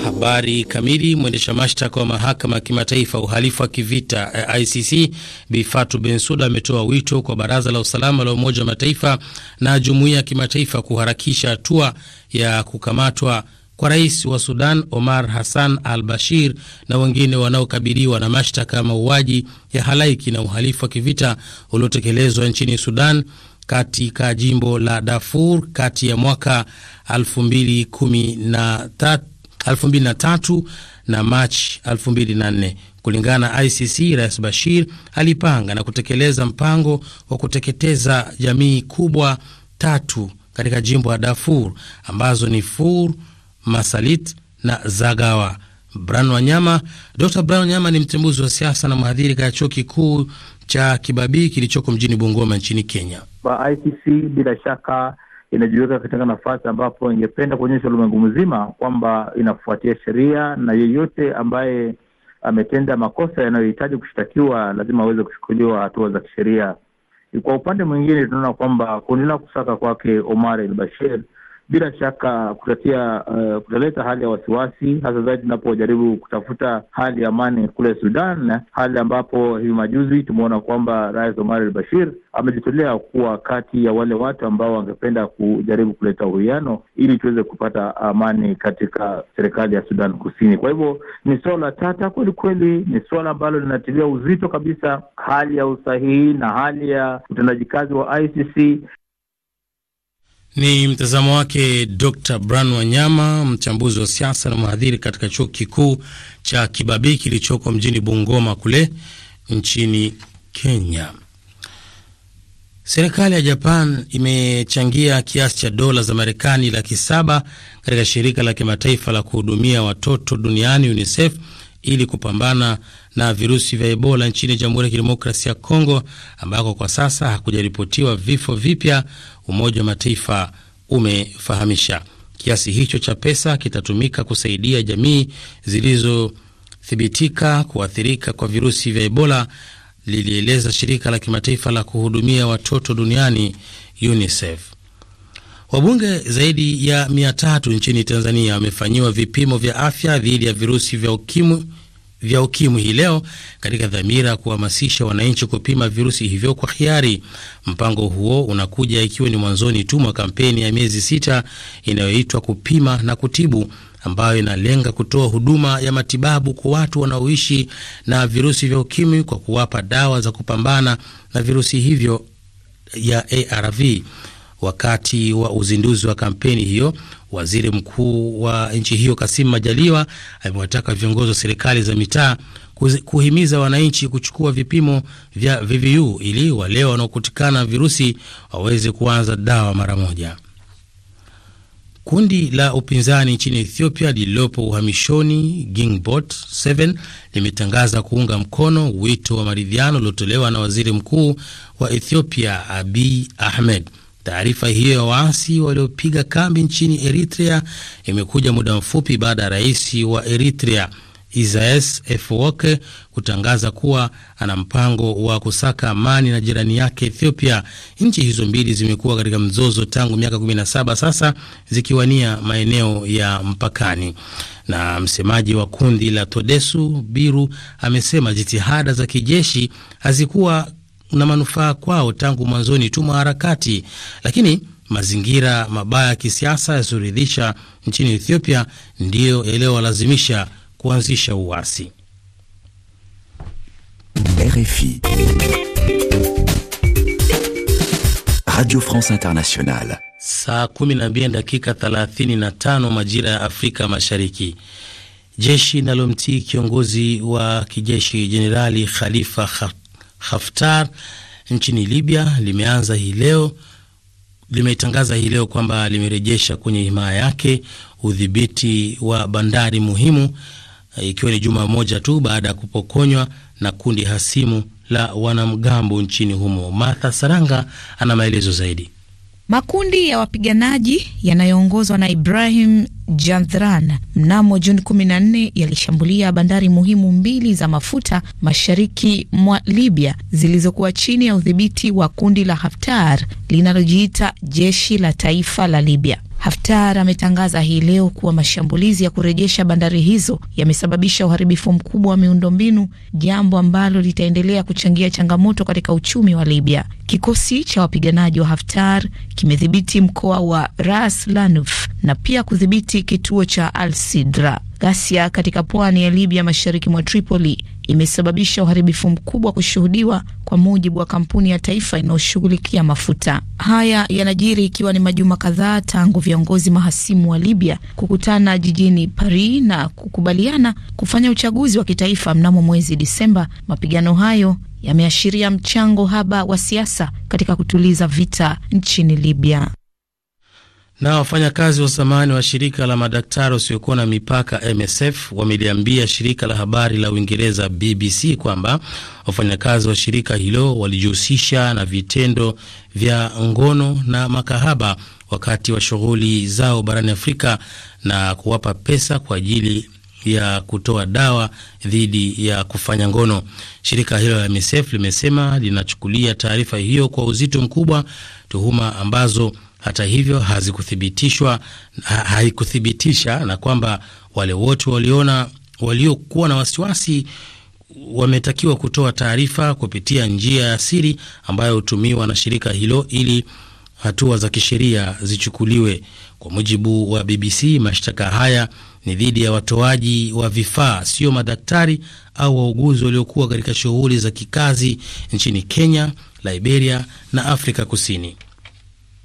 Habari kamili. Mwendesha mashtaka wa mahakama ya kimataifa uhalifu wa kivita eh, ICC bifatu Bensuda ametoa wito kwa baraza la usalama la Umoja wa Mataifa na jumuiya ya kimataifa kuharakisha hatua ya kukamatwa kwa rais wa Sudan Omar Hassan al Bashir na wengine wanaokabiliwa na mashtaka ya mauaji ya halaiki na uhalifu wa kivita uliotekelezwa nchini Sudan katika jimbo la Darfur kati ya mwaka 23 2003 na Machi 2004. Kulingana na ICC, Rais Bashir alipanga na kutekeleza mpango wa kuteketeza jamii kubwa tatu katika jimbo la Darfur ambazo ni Fur, Masalit na Zagawa. Bran Wanyama. Dr Bran Wanyama ni mchambuzi wa siasa na mhadhiri katika chuo kikuu cha Kibabii kilichoko mjini Bungoma nchini Kenya. Ba ICC bila shaka inajiweka katika nafasi ambapo ingependa kuonyesha ulimwengu mzima kwamba inafuatia sheria na yeyote ambaye ametenda makosa yanayohitaji kushtakiwa lazima aweze kuchukuliwa hatua za kisheria. Kwa upande mwingine, tunaona kwamba kuendelea kusaka kwake Omar el Bashir bila shaka kutatia uh, kutaleta hali ya wasiwasi, hasa zaidi tunapojaribu kutafuta hali ya amani kule Sudan, hali ambapo hivi majuzi tumeona kwamba Rais Omar al Bashir amejitolea kuwa kati ya wale watu ambao wangependa kujaribu kuleta uwiano ili tuweze kupata amani katika serikali ya Sudan Kusini. Kwa hivyo ni suala tata kweli kweli, ni suala ambalo linatilia uzito kabisa hali ya usahihi na hali ya utendaji kazi wa ICC. Ni mtazamo wake Dr Bran Wanyama, mchambuzi wa siasa na mhadhiri katika chuo kikuu cha Kibabii kilichoko mjini Bungoma kule nchini Kenya. Serikali ya Japan imechangia kiasi cha dola za Marekani laki saba katika shirika la kimataifa la kuhudumia watoto duniani UNICEF ili kupambana na virusi vya Ebola nchini Jamhuri ya Kidemokrasia ya Kongo, ambako kwa sasa hakujaripotiwa vifo vipya, Umoja wa Mataifa umefahamisha. Kiasi hicho cha pesa kitatumika kusaidia jamii zilizothibitika kuathirika kwa virusi vya Ebola, lilieleza shirika la kimataifa la kuhudumia watoto duniani UNICEF. Wabunge zaidi ya mia tatu nchini Tanzania wamefanyiwa vipimo vya afya dhidi ya virusi vya ukimwi vya ukimwi hii leo katika dhamira ya kuhamasisha wananchi kupima virusi hivyo kwa hiari. Mpango huo unakuja ikiwa ni mwanzoni tu mwa kampeni ya miezi sita inayoitwa kupima na kutibu ambayo inalenga kutoa huduma ya matibabu kwa watu wanaoishi na virusi vya ukimwi kwa kuwapa dawa za kupambana na virusi hivyo ya ARV. Wakati wa uzinduzi wa kampeni hiyo, waziri mkuu wa nchi hiyo kasimu Majaliwa amewataka viongozi wa serikali za mitaa kuhimiza wananchi kuchukua vipimo vya VVU ili wale wanaokutikana virusi waweze kuanza dawa mara moja. Kundi la upinzani nchini Ethiopia lililopo uhamishoni Gingbot 7 limetangaza kuunga mkono wito wa maridhiano uliotolewa na waziri mkuu wa Ethiopia Abiy Ahmed. Taarifa hiyo ya waasi waliopiga kambi nchini Eritrea imekuja muda mfupi baada ya rais wa Eritrea Isaias Afwerki kutangaza kuwa ana mpango wa kusaka amani na jirani yake Ethiopia. Nchi hizo mbili zimekuwa katika mzozo tangu miaka 17 sasa, zikiwania maeneo ya mpakani. Na msemaji wa kundi la Todesu Biru amesema jitihada za kijeshi hazikuwa na manufaa kwao tangu mwanzoni tu mwa harakati, lakini mazingira mabaya ya kisiasa yasiyoridhisha nchini Ethiopia ndiyo yaliyowalazimisha kuanzisha uasi. RFI Radio France Internationale, saa 12 dakika 35 majira ya Afrika Mashariki. Jeshi linalomtii kiongozi wa kijeshi Jenerali Khalifa Haftar nchini Libya limeanza hii leo limetangaza hii leo kwamba limerejesha kwenye himaya yake udhibiti wa bandari muhimu ikiwa ni juma moja tu baada ya kupokonywa na kundi hasimu la wanamgambo nchini humo. Martha Saranga ana maelezo zaidi. Makundi ya wapiganaji yanayoongozwa na Ibrahim jandran mnamo Juni 14 yalishambulia bandari muhimu mbili za mafuta mashariki mwa Libya zilizokuwa chini ya udhibiti wa kundi la Haftar linalojiita jeshi la taifa la Libya. Haftar ametangaza hii leo kuwa mashambulizi ya kurejesha bandari hizo yamesababisha uharibifu mkubwa wa miundombinu, jambo ambalo litaendelea kuchangia changamoto katika uchumi wa Libya. Kikosi cha wapiganaji wa Haftar kimedhibiti mkoa wa Ras Lanuf na pia kudhibiti kituo cha Al Sidra. Ghasia katika pwani ya Libya mashariki mwa Tripoli imesababisha uharibifu mkubwa kushuhudiwa, kwa mujibu wa kampuni ya taifa inayoshughulikia mafuta. Haya yanajiri ikiwa ni majuma kadhaa tangu viongozi mahasimu wa Libya kukutana jijini Paris na kukubaliana kufanya uchaguzi wa kitaifa mnamo mwezi Disemba. Mapigano hayo yameashiria mchango haba wa siasa katika kutuliza vita nchini Libya. Na wafanyakazi wa zamani wa shirika la madaktari wasiokuwa na mipaka MSF wameliambia shirika la habari la Uingereza BBC kwamba wafanyakazi wa shirika hilo walijihusisha na vitendo vya ngono na makahaba wakati wa shughuli zao barani Afrika na kuwapa pesa kwa ajili ya kutoa dawa dhidi ya kufanya ngono. Shirika hilo la MSF limesema linachukulia taarifa hiyo kwa uzito mkubwa, tuhuma ambazo hata hivyo hazikuthibitishwa, haikuthibitisha na kwamba wale wote waliona waliokuwa na wasiwasi wametakiwa kutoa taarifa kupitia njia ya siri ambayo hutumiwa na shirika hilo ili hatua za kisheria zichukuliwe. Kwa mujibu wa BBC, mashtaka haya ni dhidi ya watoaji wa vifaa, sio madaktari au wauguzi waliokuwa katika shughuli za kikazi nchini Kenya, Liberia na Afrika Kusini.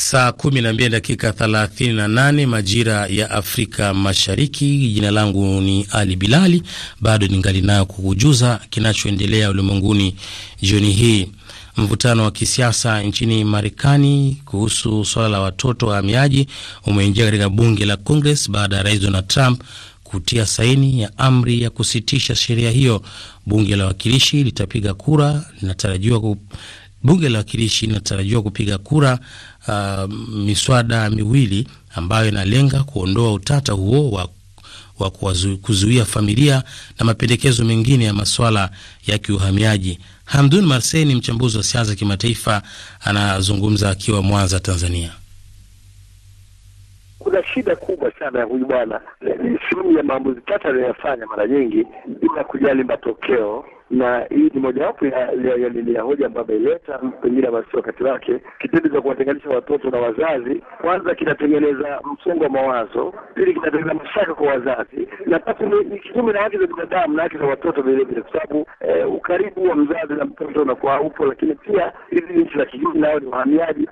saa 12 dakika 38 majira ya Afrika Mashariki. Jina langu ni Ali Bilali, bado ningali nayo kukujuza kinachoendelea ulimwenguni jioni hii. Mvutano wa kisiasa nchini Marekani kuhusu suala la watoto wahamiaji umeingia katika bunge la Congress baada ya rais Donald Trump kutia saini ya amri ya kusitisha sheria hiyo. Bunge la wakilishi litapiga kura linatarajiwa ku... bunge la wakilishi linatarajiwa kupiga kura uh, miswada miwili ambayo inalenga kuondoa utata huo wa wa kuzuia familia na mapendekezo mengine ya masuala ya kiuhamiaji. Hamdun Marsey ni mchambuzi wa siasa kimataifa, anazungumza akiwa Mwanza, Tanzania kuna shida kubwa sana ya huyu bwana sehemu ya maamuzi tata anayofanya mara nyingi bila kujali matokeo na hii ni mojawapo ya, ya, ya, ya hoja ambayo ameileta pengine ambayo wakati wake. Kitendo cha kuwatenganisha watoto na wazazi, kwanza kinatengeneza msongo wa mawazo, pili kinatengeneza mashaka kwa wazazi, na tatu ni kinyume na haki za binadamu na haki za watoto vile vile, kwa sababu eh, ukaribu wa mzazi na mtoto unakuwa upo, lakini pia hizi nchi za kigeni nao ni wahamiaji,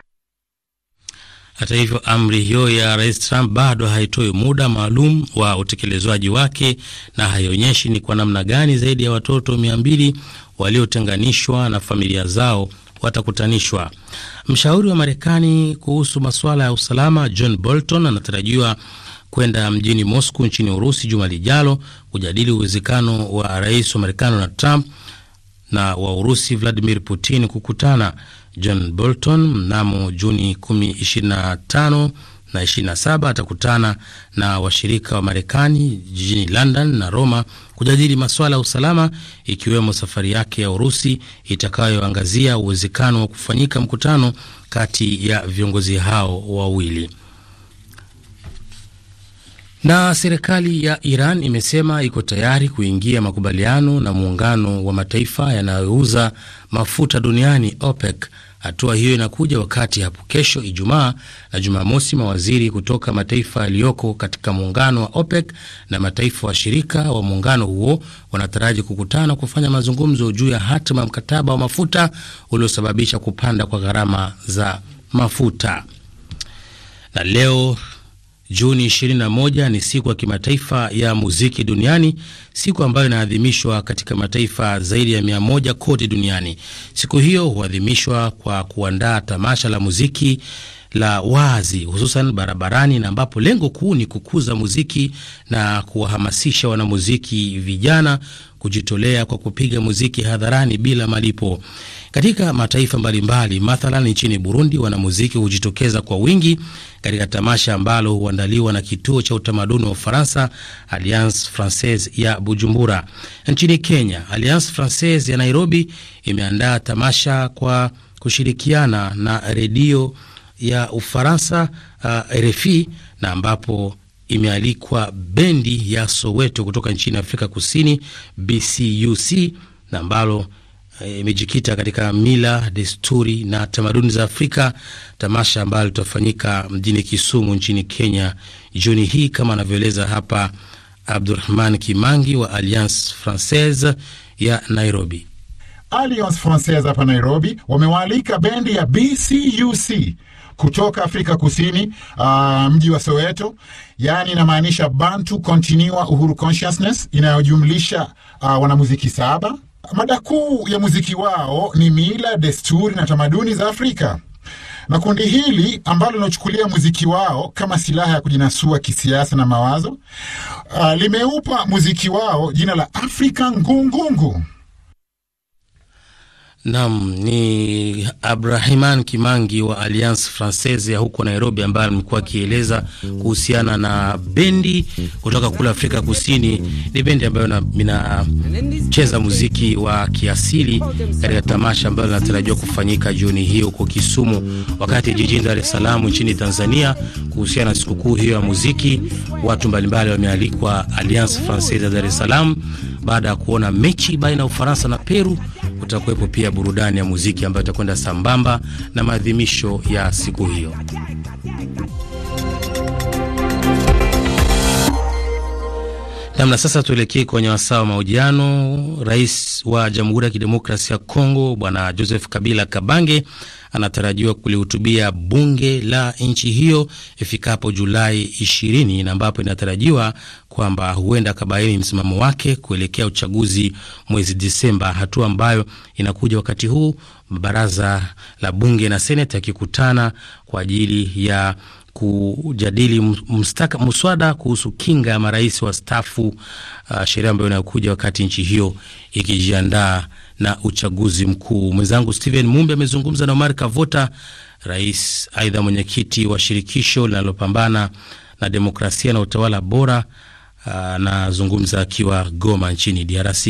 hata hivyo, amri hiyo ya Rais Trump bado haitoi muda maalum wa utekelezwaji wake na haionyeshi ni kwa namna gani zaidi ya watoto mia mbili waliotenganishwa na familia zao watakutanishwa. Mshauri wa Marekani kuhusu masuala ya usalama John Bolton anatarajiwa kwenda mjini Moscow nchini Urusi juma lijalo kujadili uwezekano wa rais wa Marekani Donald Trump na wa Urusi Vladimir Putin kukutana. John Bolton mnamo Juni 25 na 27 atakutana na washirika wa Marekani jijini London na Roma kujadili masuala ya usalama, ikiwemo safari yake ya Urusi itakayoangazia uwezekano wa kufanyika mkutano kati ya viongozi hao wawili. Na serikali ya Iran imesema iko tayari kuingia makubaliano na muungano wa mataifa yanayouza mafuta duniani OPEC Hatua hiyo inakuja wakati hapo kesho Ijumaa na Jumamosi, mawaziri kutoka mataifa yaliyoko katika muungano wa OPEC na mataifa washirika wa muungano huo wanataraji kukutana kufanya mazungumzo juu ya hatima mkataba wa mafuta uliosababisha kupanda kwa gharama za mafuta. Na leo Juni 21 ni siku ya kimataifa ya muziki duniani, siku ambayo inaadhimishwa katika mataifa zaidi ya 100 kote duniani. Siku hiyo huadhimishwa kwa kuandaa tamasha la muziki la wazi, hususan barabarani na ambapo lengo kuu ni kukuza muziki na kuwahamasisha wanamuziki vijana kujitolea kwa kupiga muziki hadharani bila malipo katika mataifa mbalimbali. Mathalan, nchini Burundi, wanamuziki hujitokeza kwa wingi katika tamasha ambalo huandaliwa na kituo cha utamaduni wa Ufaransa, Alliance Francaise ya Bujumbura. Nchini Kenya, Alliance Francaise ya Nairobi imeandaa tamasha kwa kushirikiana na redio ya Ufaransa uh, RFI na ambapo imealikwa bendi ya Soweto kutoka nchini Afrika Kusini BCUC na ambalo eh, imejikita katika mila, desturi na tamaduni za Afrika, tamasha ambalo litafanyika mjini Kisumu nchini Kenya Juni hii, kama anavyoeleza hapa Abdurahman Kimangi wa Alliance Francaise ya Nairobi. Alliance Francaise hapa Nairobi wamewaalika bendi ya BCUC kutoka Afrika Kusini, uh, mji wa Soweto. Yaani inamaanisha Bantu Continua Uhuru Consciousness inayojumlisha uh, wanamuziki saba. Mada kuu ya muziki wao ni mila, desturi na tamaduni za Afrika na kundi hili ambalo linachukulia muziki wao kama silaha ya kujinasua kisiasa na mawazo, uh, limeupa muziki wao jina la Afrika Ngungungu. Nam ni Abrahiman Kimangi wa Alliance Francaise ya huko Nairobi, ambaye amekuwa akieleza kuhusiana na bendi kutoka kule Afrika Kusini. Ni bendi ambayo inacheza muziki wa kiasili katika tamasha ambalo linatarajiwa kufanyika Juni hii huko Kisumu, wakati jijini Dar es Salaam nchini Tanzania. Kuhusiana na sikukuu hiyo ya muziki, watu mbalimbali wamealikwa Alliance Francaise ya Dar es Salaam baada ya kuona mechi baina ya Ufaransa na Peru kutakuwepo pia burudani ya muziki ambayo itakwenda sambamba na maadhimisho ya siku hiyo. Namna sasa, tuelekee kwenye wasaa wa mahojiano. Rais wa Jamhuri ya Kidemokrasia ya Kongo Bwana Joseph Kabila Kabange anatarajiwa kulihutubia bunge la nchi hiyo ifikapo Julai 20 na ambapo inatarajiwa kwamba huenda akabaini msimamo wake kuelekea uchaguzi mwezi Disemba, hatua ambayo inakuja wakati huu baraza la bunge na seneti yakikutana kwa ajili ya kujadili mswada kuhusu kinga ya marais wastaafu, uh, sheria ambayo inayokuja wakati nchi hiyo ikijiandaa na uchaguzi mkuu. Mwenzangu Steven Mumbe amezungumza na Omar Kavota, rais aidha mwenyekiti wa shirikisho linalopambana na demokrasia na utawala bora, anazungumza akiwa Goma nchini DRC.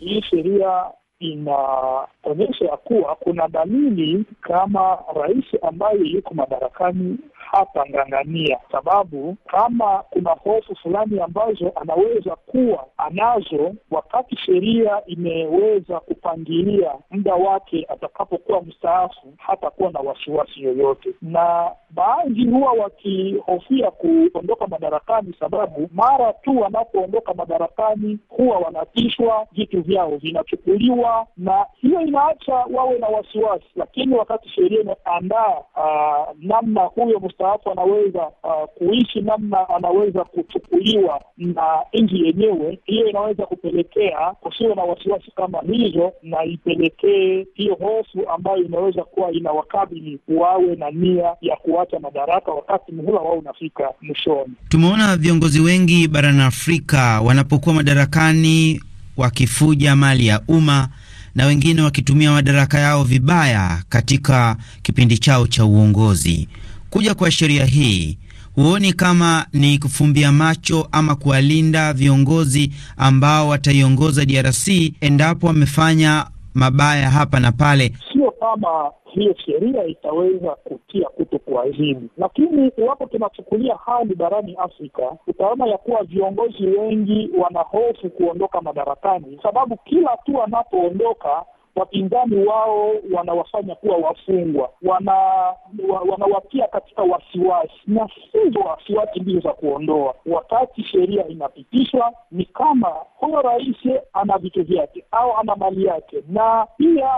Hii sheria inaonyesha ya kuwa kuna dalili kama rais ambaye yuko madarakani hata ng'ang'ania, sababu kama kuna hofu fulani ambazo anaweza kuwa anazo, wakati sheria imeweza kupangilia muda wake atakapokuwa mstaafu, hatakuwa na wasiwasi yoyote. Na baadhi huwa wakihofia kuondoka madarakani, sababu mara tu wanapoondoka madarakani huwa wanatishwa, vitu vyao vinachukuliwa, na hiyo inaacha wawe na wasiwasi. Lakini wakati sheria imeandaa ah, namna huyo mstaafu mstaafu anaweza uh, kuishi namna anaweza kuchukuliwa na nchi yenyewe, hiyo inaweza kupelekea kusiwe na wasiwasi kama hizo, na ipelekee hiyo hofu ambayo inaweza kuwa inawakabili wawe na nia ya kuacha madaraka wakati muhula wao unafika mwishoni. Tumeona viongozi wengi barani Afrika wanapokuwa madarakani wakifuja mali ya umma na wengine wakitumia madaraka yao vibaya katika kipindi chao cha uongozi. Kuja kwa sheria hii huoni kama ni kufumbia macho ama kuwalinda viongozi ambao wataiongoza DRC endapo wamefanya mabaya hapa na pale? Sio kama hiyo sheria itaweza kutia kuto kuwazibu, lakini iwapo tunachukulia hali barani Afrika, utaona ya kuwa viongozi wengi wanahofu kuondoka madarakani, sababu kila tu anapoondoka wapinzani wao wanawafanya kuwa wafungwa, wanawatia wana katika wasiwasi, na hizo wasiwasi ndizo za kuondoa. Wakati sheria inapitishwa, ni kama huyo rais ana vitu vyake au ana mali yake, na pia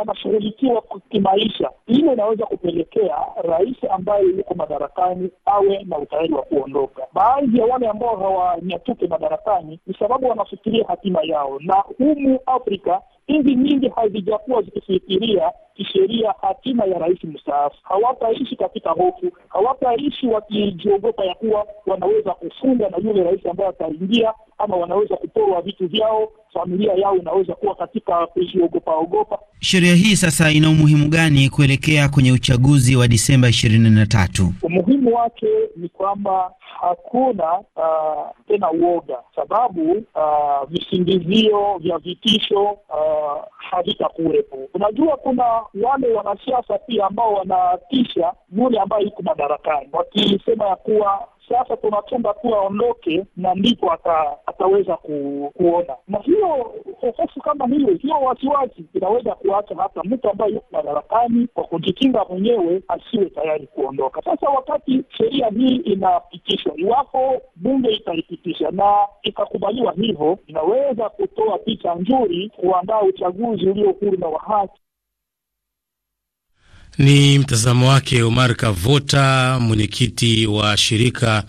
anashughulikiwa ana kimaisha. Ile inaweza kupelekea rais ambaye yuko madarakani awe na utayari wa kuondoka. Baadhi ya wale ambao hawanyatuke madarakani ni sababu wanafikiria hatima yao, na humu Afrika nchi nyingi hazijakuwa zikifikiria kisheria hatima ya rais mstaafu. Hawataishi katika hofu, hawataishi wakijiogopa ya kuwa wanaweza kufunga na yule rais ambaye ataingia ama wanaweza kuporwa vitu vyao, familia yao inaweza kuwa katika kuziogopa ogopa. Sheria hii sasa ina umuhimu gani kuelekea kwenye uchaguzi wa Disemba ishirini na tatu? Umuhimu wake ni kwamba hakuna uh, tena uoga, sababu uh, visingizio vya vitisho uh, havitakuwepo. Unajua, kuna wale wanasiasa pia ambao wanatisha yule ambaye iko madarakani, wakisema ya kuwa sasa tunachomba tu aondoke, na ndipo ata, ataweza ku, kuona. Na hiyo hofu kama hiyo, hiyo wasiwasi inaweza kuacha hata mtu ambaye yuko madarakani kwa kujikinga mwenyewe asiwe tayari kuondoka. Sasa wakati sheria hii inapitishwa, iwapo bunge itaipitisha na ikakubaliwa hivyo, inaweza kutoa picha nzuri kuandaa uchaguzi ulio huru na wa haki. Ni mtazamo wake Omar Kavota, mwenyekiti wa shirika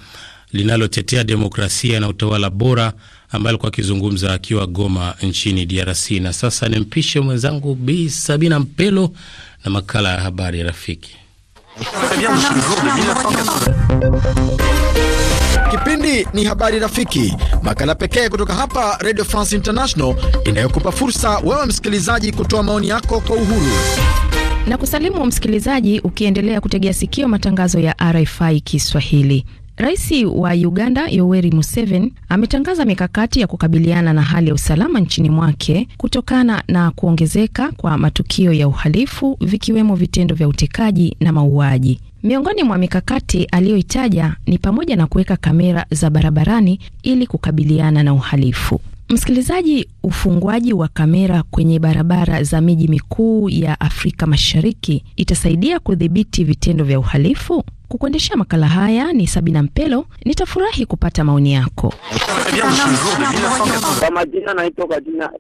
linalotetea demokrasia na utawala bora, ambaye alikuwa akizungumza akiwa Goma nchini DRC. Na sasa nimpishe mwenzangu Bi Sabina Mpelo na makala ya habari rafiki. Kipindi ni habari rafiki, makala pekee kutoka hapa Radio France International inayokupa fursa wewe msikilizaji kutoa maoni yako kwa uhuru na kusalimu msikilizaji, ukiendelea kutegea sikio matangazo ya RFI Kiswahili. Rais wa Uganda Yoweri Museveni ametangaza mikakati ya kukabiliana na hali ya usalama nchini mwake kutokana na kuongezeka kwa matukio ya uhalifu vikiwemo vitendo vya utekaji na mauaji. Miongoni mwa mikakati aliyoitaja ni pamoja na kuweka kamera za barabarani ili kukabiliana na uhalifu. Msikilizaji, ufungwaji wa kamera kwenye barabara za miji mikuu ya Afrika Mashariki itasaidia kudhibiti vitendo vya uhalifu? Kukuendeshea makala haya ni Sabina Mpelo. Nitafurahi kupata maoni yako. Kwa majina naitwa kwa jina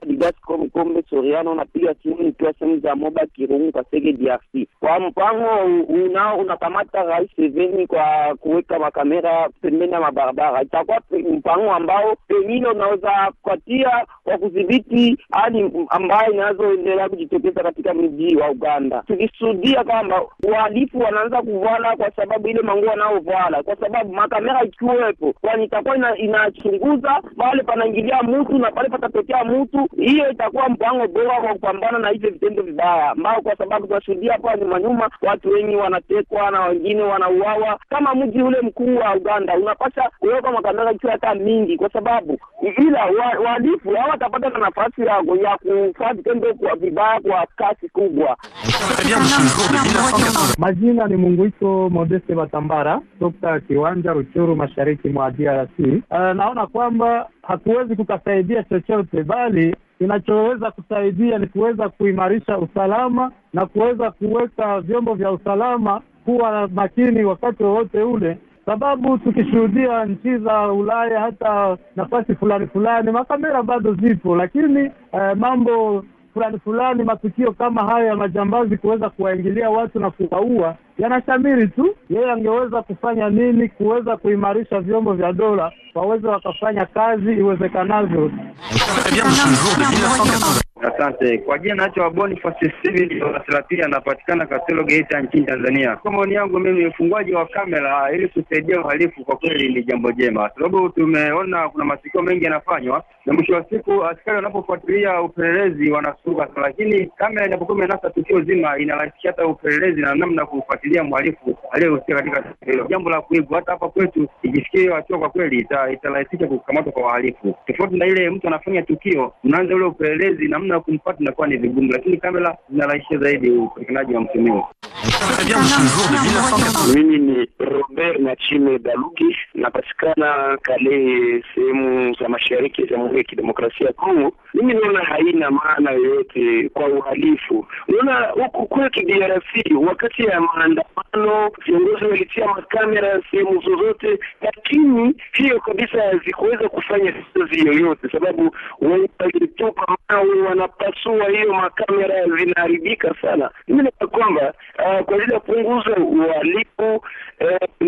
Mkombe Soriano, napiga simu nikiwa sehemu za Moba Kirungu, Kasege, DRC. Kwa mpango unao unakamata Rais Seveni kwa kuweka makamera pembeni ya mabarabara, itakuwa mpango ambao pengine unaweza kupatia kwa kudhibiti hali ambayo inazoendelea kujitokeza katika mji wa Uganda, tukisudia kwamba wahalifu wanaanza kuvala kwa sababu ile manguo wanaovala, kwa sababu makamera ikiwepo, kwani itakuwa inachunguza pale panaingilia mtu na pale patatokea mtu. Hiyo itakuwa mpango bora kwa kupambana na hivyo vitendo vibaya ambao, kwa sababu tunashuhudia hapa nyuma nyuma watu wengi wanatekwa na wengine wanauawa. Kama mji ule mkuu wa Uganda unapasha kuweka makamera ikiwa hata mingi, kwa sababu ila wahalifu hawatapata kupata na nafasi yako ya kufanya kwa vibaya kwa kasi kubwa. Majina ni Munguiko Modeste Batambara, Dr. Kiwanja Ruchuru, mashariki mwa DRC. Uh, eh, naona kwamba hatuwezi kukasaidia chochote, bali kinachoweza kusaidia ni kuweza kuimarisha usalama na kuweza kuweka vyombo vya usalama kuwa makini wakati wowote ule sababu tukishuhudia nchi za Ulaya hata nafasi fulani fulani makamera bado zipo, lakini eh, mambo fulani fulani, matukio kama hayo ya majambazi kuweza kuwaingilia watu na kuwaua yanashamiri tu. Yeye angeweza kufanya nini kuweza kuimarisha vyombo vya dola waweze wakafanya kazi iwezekanavyo? Asante kwa jina nacho Boniface Civil Waselatia, anapatikana Katelo Geita nchini Tanzania. Kwa maoni yangu mimi, ufunguaji wa kamera ili kusaidia uhalifu kwa kweli ni jambo jema, sababu tumeona kuna matukio mengi yanafanywa, na mwisho wa siku askari wanapofuatilia upelelezi wanasuka, lakini kamera inapokuwa imenasa tukio zima inarahisisha hata upelelezi na namna kufuatilia mhalifu aliyehusika katika tukio hilo, jambo la kuigwa. Hata hapa kwetu ijisikie hiyo hatua kwa kweli itarahisisha kukamatwa kwa wahalifu, tofauti na ile mtu anafanya tukio, unaanza ule upelelezi namna namna ya kumpata inakuwa ni vigumu, lakini kamera zinarahisisha zaidi upatikanaji wa mtumiwa. Mimi ni Robert Nachime Daluki, napatikana kale sehemu za mashariki ya Jamhuri ya Kidemokrasia ya Kongo. Mimi naona haina maana yoyote kwa uhalifu. Naona huku kwetu DRC, wakati ya maandamano viongozi walitia makamera sehemu zozote, lakini hiyo kabisa hazikuweza kufanya kazi yoyote, sababu walitupa mawe wanapasua hiyo makamera zinaharibika sana. Mimi ni kwamba uh, kwa ajili ya kupunguza uhalifu uh,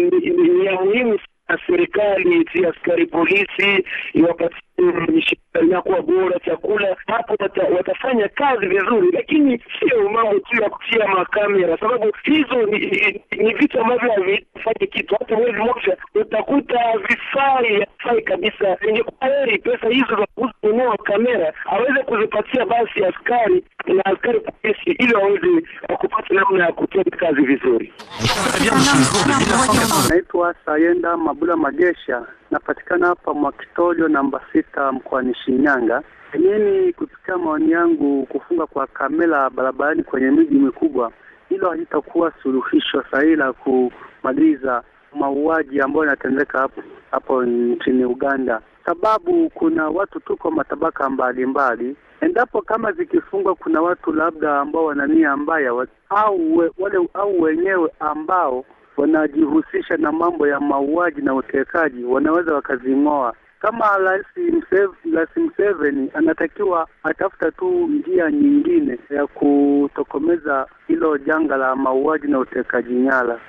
ni ya muhimu sana serikali, askari polisi iwapatie Mm, inakuwa bora, chakula hapo wata, watafanya kazi vizuri, lakini sio mambo tu ya kutia makamera, sababu hizo ni, ni, vitu ambavyo havifanyi kitu. Hata mwezi mmoja utakuta vifai afai kabisa, ingekuwa heri pesa hizo za kununua kamera aweze kuzipatia basi askari na askari polisi, ili waweze kupata namna ya kutenda kazi vizuri. Naitwa Sayenda Mabula Magesha napatikana hapa Mwakitolio namba sita mkoani Shinyanga. Mimi kupitia maoni yangu, kufunga kwa kamera barabarani kwenye miji mikubwa, hilo halitakuwa suluhisho sahihi la kumaliza mauaji ambayo yanatendeka hapo hapo nchini Uganda, sababu kuna watu tuko matabaka mbalimbali. Endapo kama zikifungwa, kuna watu labda ambao wana nia mbaya au, wale, au wenyewe ambao wanajihusisha na mambo ya mauaji na utekaji wanaweza wakazing'oa. Kama Rais Museveni anatakiwa atafuta tu njia nyingine ya kutokomeza hilo janga la mauaji na utekaji nyara.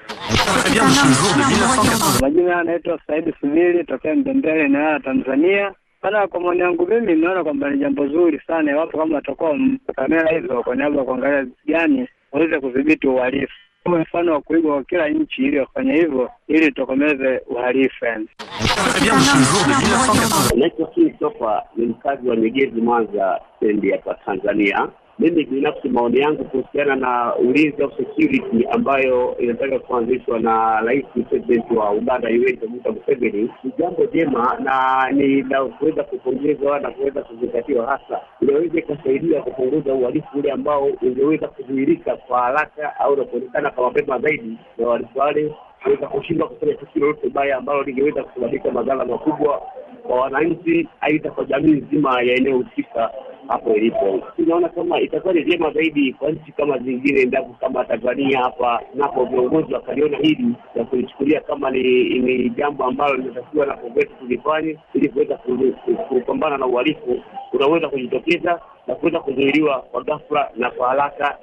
Majina anaitwa Saidi Sumili tokea mbembele na ya Tanzania. Bana, kwa maoni yangu mimi naona kwamba ni jambo zuri sana iwapo kama watakuwa kamera hizo kwa niaba ya kuangalia gani waweze kudhibiti uhalifu kama mfano wa kuigwa kwa kila nchi ili wafanye hivyo ili tokomeze uhalifu. Yani naitwa Sofa, ni mkazi wa Nyegezi, Mwanza stendi hapa Tanzania. Mimi binafsi maoni yangu kuhusiana na ulinzi au security ambayo inataka kuanzishwa na rais president wa Uganda Yoweri Kaguta Museveni ni jambo jema na ni la kuweza kupongezwa na kuweza kuzingatiwa, hasa inaweza ikasaidia kupunguza uhalifu ule ambao ungeweza kuzuirika kwa haraka au nakuonekana kwa mapema zaidi na walifu wale kuweza kushindwa kufanya tukio lolote baya ambalo lingeweza kusababisha madhara makubwa kwa wananchi, aidha kwa jamii nzima ya eneo husika hapo ilipo. Tunaona kama itakuwa ni vyema zaidi kwa nchi kama zingine ndapo kama Tanzania hapa, napo viongozi wakaliona hili na kulichukulia kama ni jambo ambalo linatakiwa na kongresi tulifanye ili kuweza kupambana na uhalifu unaweza kujitokeza na kuweza kuzuiliwa kwa ghafla na kwa haraka.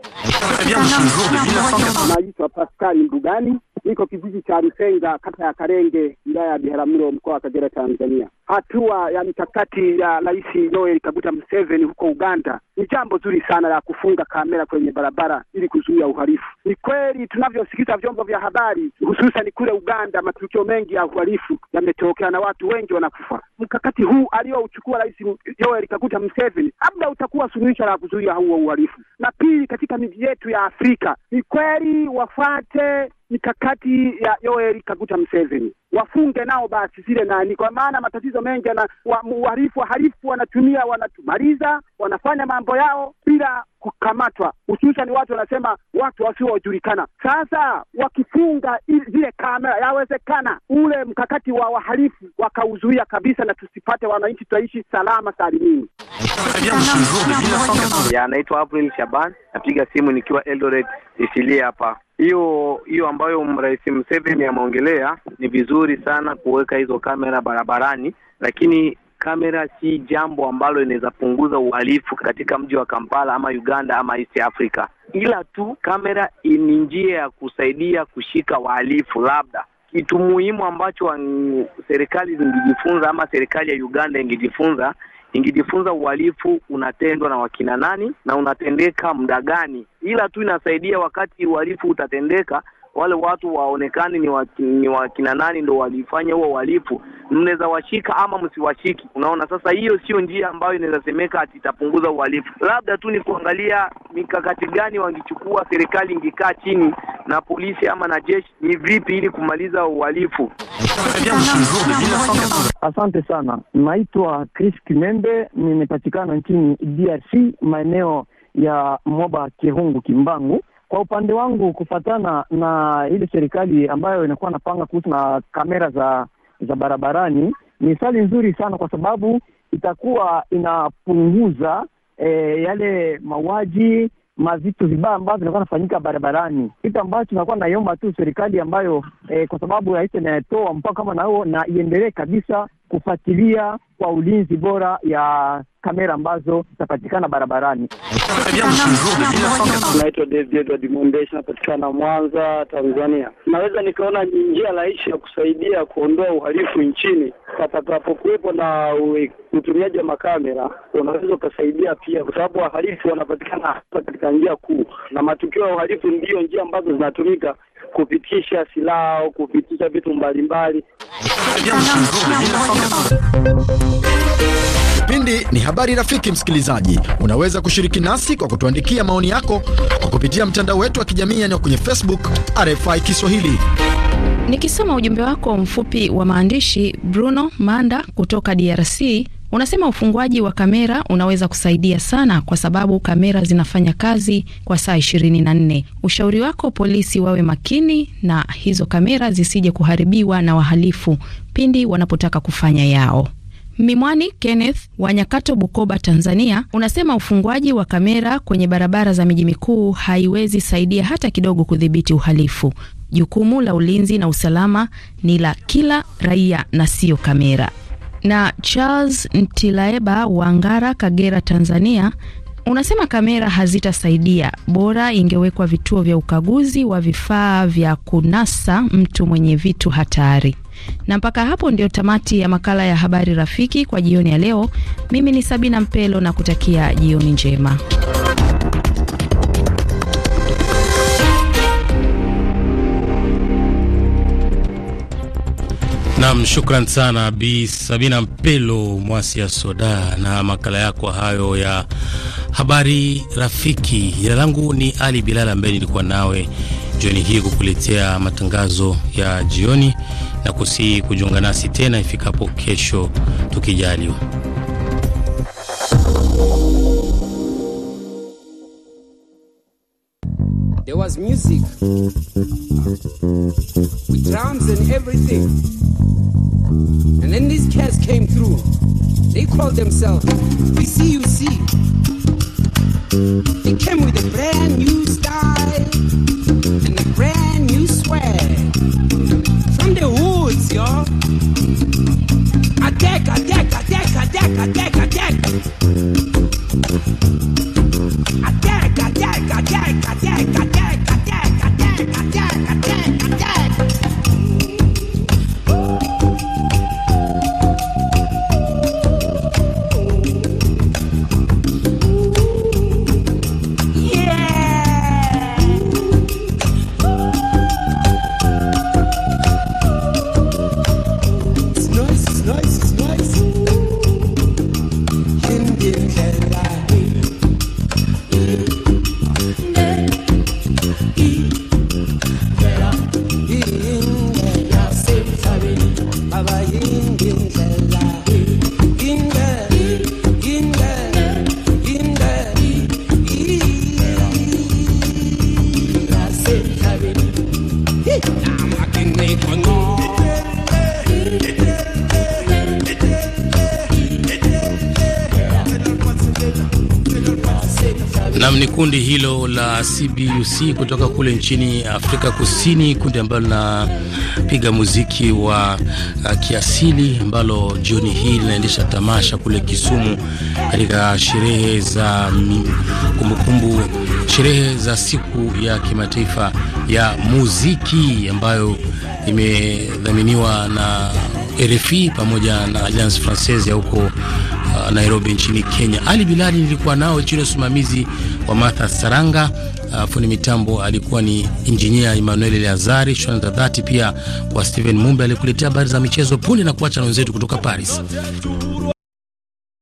Naitwa Paskali Mbugani, niko kijiji cha Rusenga, kata ya Karenge, wilaya ya Biharamulo, mkoa wa Kagera, Tanzania. Hatua ya mikakati ya Rais Yoweri Kaguta Museveni huko Uganda ni jambo zuri sana la kufunga kamera kwenye barabara ili kuzuia uhalifu. Ni kweli tunavyosikiza vyombo vya habari, hususan kule Uganda, matukio mengi ya uhalifu yametokea na watu wengi wanakufa. Mkakati huu aliyouchukua Rais Yoweri Kaguta Museveni labda kuwa suluhisho la kuzuia huo uhalifu. Na pili, katika miji yetu ya Afrika ni kweli wafuate mikakati ya Yoweri Kaguta Museveni wafunge nao basi zile nani, kwa maana matatizo mengi na wahalifu wahalifu wanatumia, wanatumaliza, wanafanya mambo yao bila kukamatwa, hususani watu wanasema watu wasiojulikana. Sasa wakifunga zile kamera, yawezekana ule mkakati wa wahalifu wakauzuia kabisa, na tusipate wananchi, tutaishi salama salimini. Anaitwa April Shaban, napiga simu nikiwa Eldoret Isilia hapa. Hiyo hiyo ambayo Rais Museveni ameongelea ni vizuri vizuri sana kuweka hizo kamera barabarani, lakini kamera si jambo ambalo inaweza punguza uhalifu katika mji wa Kampala ama Uganda ama East Africa, ila tu kamera ni njia ya kusaidia kushika wahalifu. Labda kitu muhimu ambacho serikali zingejifunza ama serikali ya Uganda ingejifunza ingejifunza uhalifu unatendwa na wakina nani na unatendeka muda gani, ila tu inasaidia wakati uhalifu utatendeka wale watu waonekane ni, wa, ni wakina nani ndo walifanya huo uhalifu, mnaweza washika ama msiwashiki. Unaona, sasa hiyo sio njia ambayo inaweza semeka ati itapunguza uhalifu, labda tu ni kuangalia mikakati gani wangechukua, serikali ingekaa chini na polisi ama na jeshi, ni vipi ili kumaliza uhalifu. Asante sana, naitwa Chris Kimembe, nimepatikana nchini DRC maeneo ya Moba Kehungu Kimbangu. Kwa upande wangu, kufatana na ile serikali ambayo inakuwa napanga kuhusu na kamera za za barabarani, ni swali nzuri sana, kwa sababu itakuwa inapunguza e, yale mauaji mavitu vibaya ambavyo vinakuwa nafanyika barabarani, kitu ambacho tunakuwa naiomba tu serikali ambayo e, kwa sababu rais inayetoa mpaka kama nao na iendelee kabisa kufuatilia kwa ulinzi bora ya kamera ambazo zitapatikana barabarani. Naitwa Edward Mondesi, napatikana Mwanza, Tanzania. Naweza nikaona njia rahisi ya kusaidia kuondoa uhalifu nchini, patakapokuwepo na utumiaji wa makamera, unaweza ukasaidia pia, kwa sababu wahalifu wanapatikana hapa katika njia kuu, na matukio ya uhalifu ndiyo njia ambazo zinatumika kupitisha silaha au kupitisha vitu mbalimbali. Kipindi ni habari. Rafiki msikilizaji, unaweza kushiriki nasi kwa kutuandikia maoni yako kwa kupitia mtandao wetu wa kijamii yani kwenye Facebook RFI Kiswahili. Nikisoma ujumbe wako mfupi wa maandishi, Bruno Manda kutoka DRC Unasema ufunguaji wa kamera unaweza kusaidia sana, kwa sababu kamera zinafanya kazi kwa saa nne. Ushauri wako polisi wawe makini na hizo kamera zisije kuharibiwa na wahalifu pindi wanapotaka kufanya yao. Mimwani Kenneth wa Nyakato, Bukoba, Tanzania, unasema ufunguaji wa kamera kwenye barabara za miji mikuu haiwezi saidia hata kidogo kudhibiti uhalifu. Jukumu la ulinzi na usalama ni la kila raia na siyo kamera. Na Charles Ntilaeba wa Ngara, Kagera, Tanzania, unasema kamera hazitasaidia, bora ingewekwa vituo vya ukaguzi wa vifaa vya kunasa mtu mwenye vitu hatari. Na mpaka hapo ndio tamati ya makala ya habari rafiki kwa jioni ya leo. Mimi ni Sabina Mpelo na kutakia jioni njema. Nam, shukran sana Bi Sabina Mpelo mwasi ya Soda na makala yako hayo ya habari rafiki. Jina langu ni Ali Bilal ambaye nilikuwa nawe jioni hii kukuletea matangazo ya jioni na kusihi kujiunga nasi tena ifikapo kesho tukijaliwa. There was music with drums and everything. And then these cats came through. They called themselves PCUC. They came with a brand new style and a brand new swag. From the woods, y'all. Attack, attack, attack, attack, attack, attack. kutoka kule nchini Afrika Kusini, kundi ambalo linapiga muziki wa uh, kiasili ambalo jioni hii linaendesha tamasha kule Kisumu katika sherehe za kumbukumbu, sherehe za siku ya kimataifa ya muziki ambayo imedhaminiwa na RFI pamoja na Alliance Francaise ya huko uh, Nairobi nchini Kenya. Ali Bilali nilikuwa nao chini ya usimamizi wa Martha Saranga. Uh, fundi mitambo alikuwa ni injinia Emmanuel Eleazari. Shukrani za dhati pia kwa Steven Mumbe alikuletea habari za michezo punde, na kuacha na wenzetu kutoka Paris.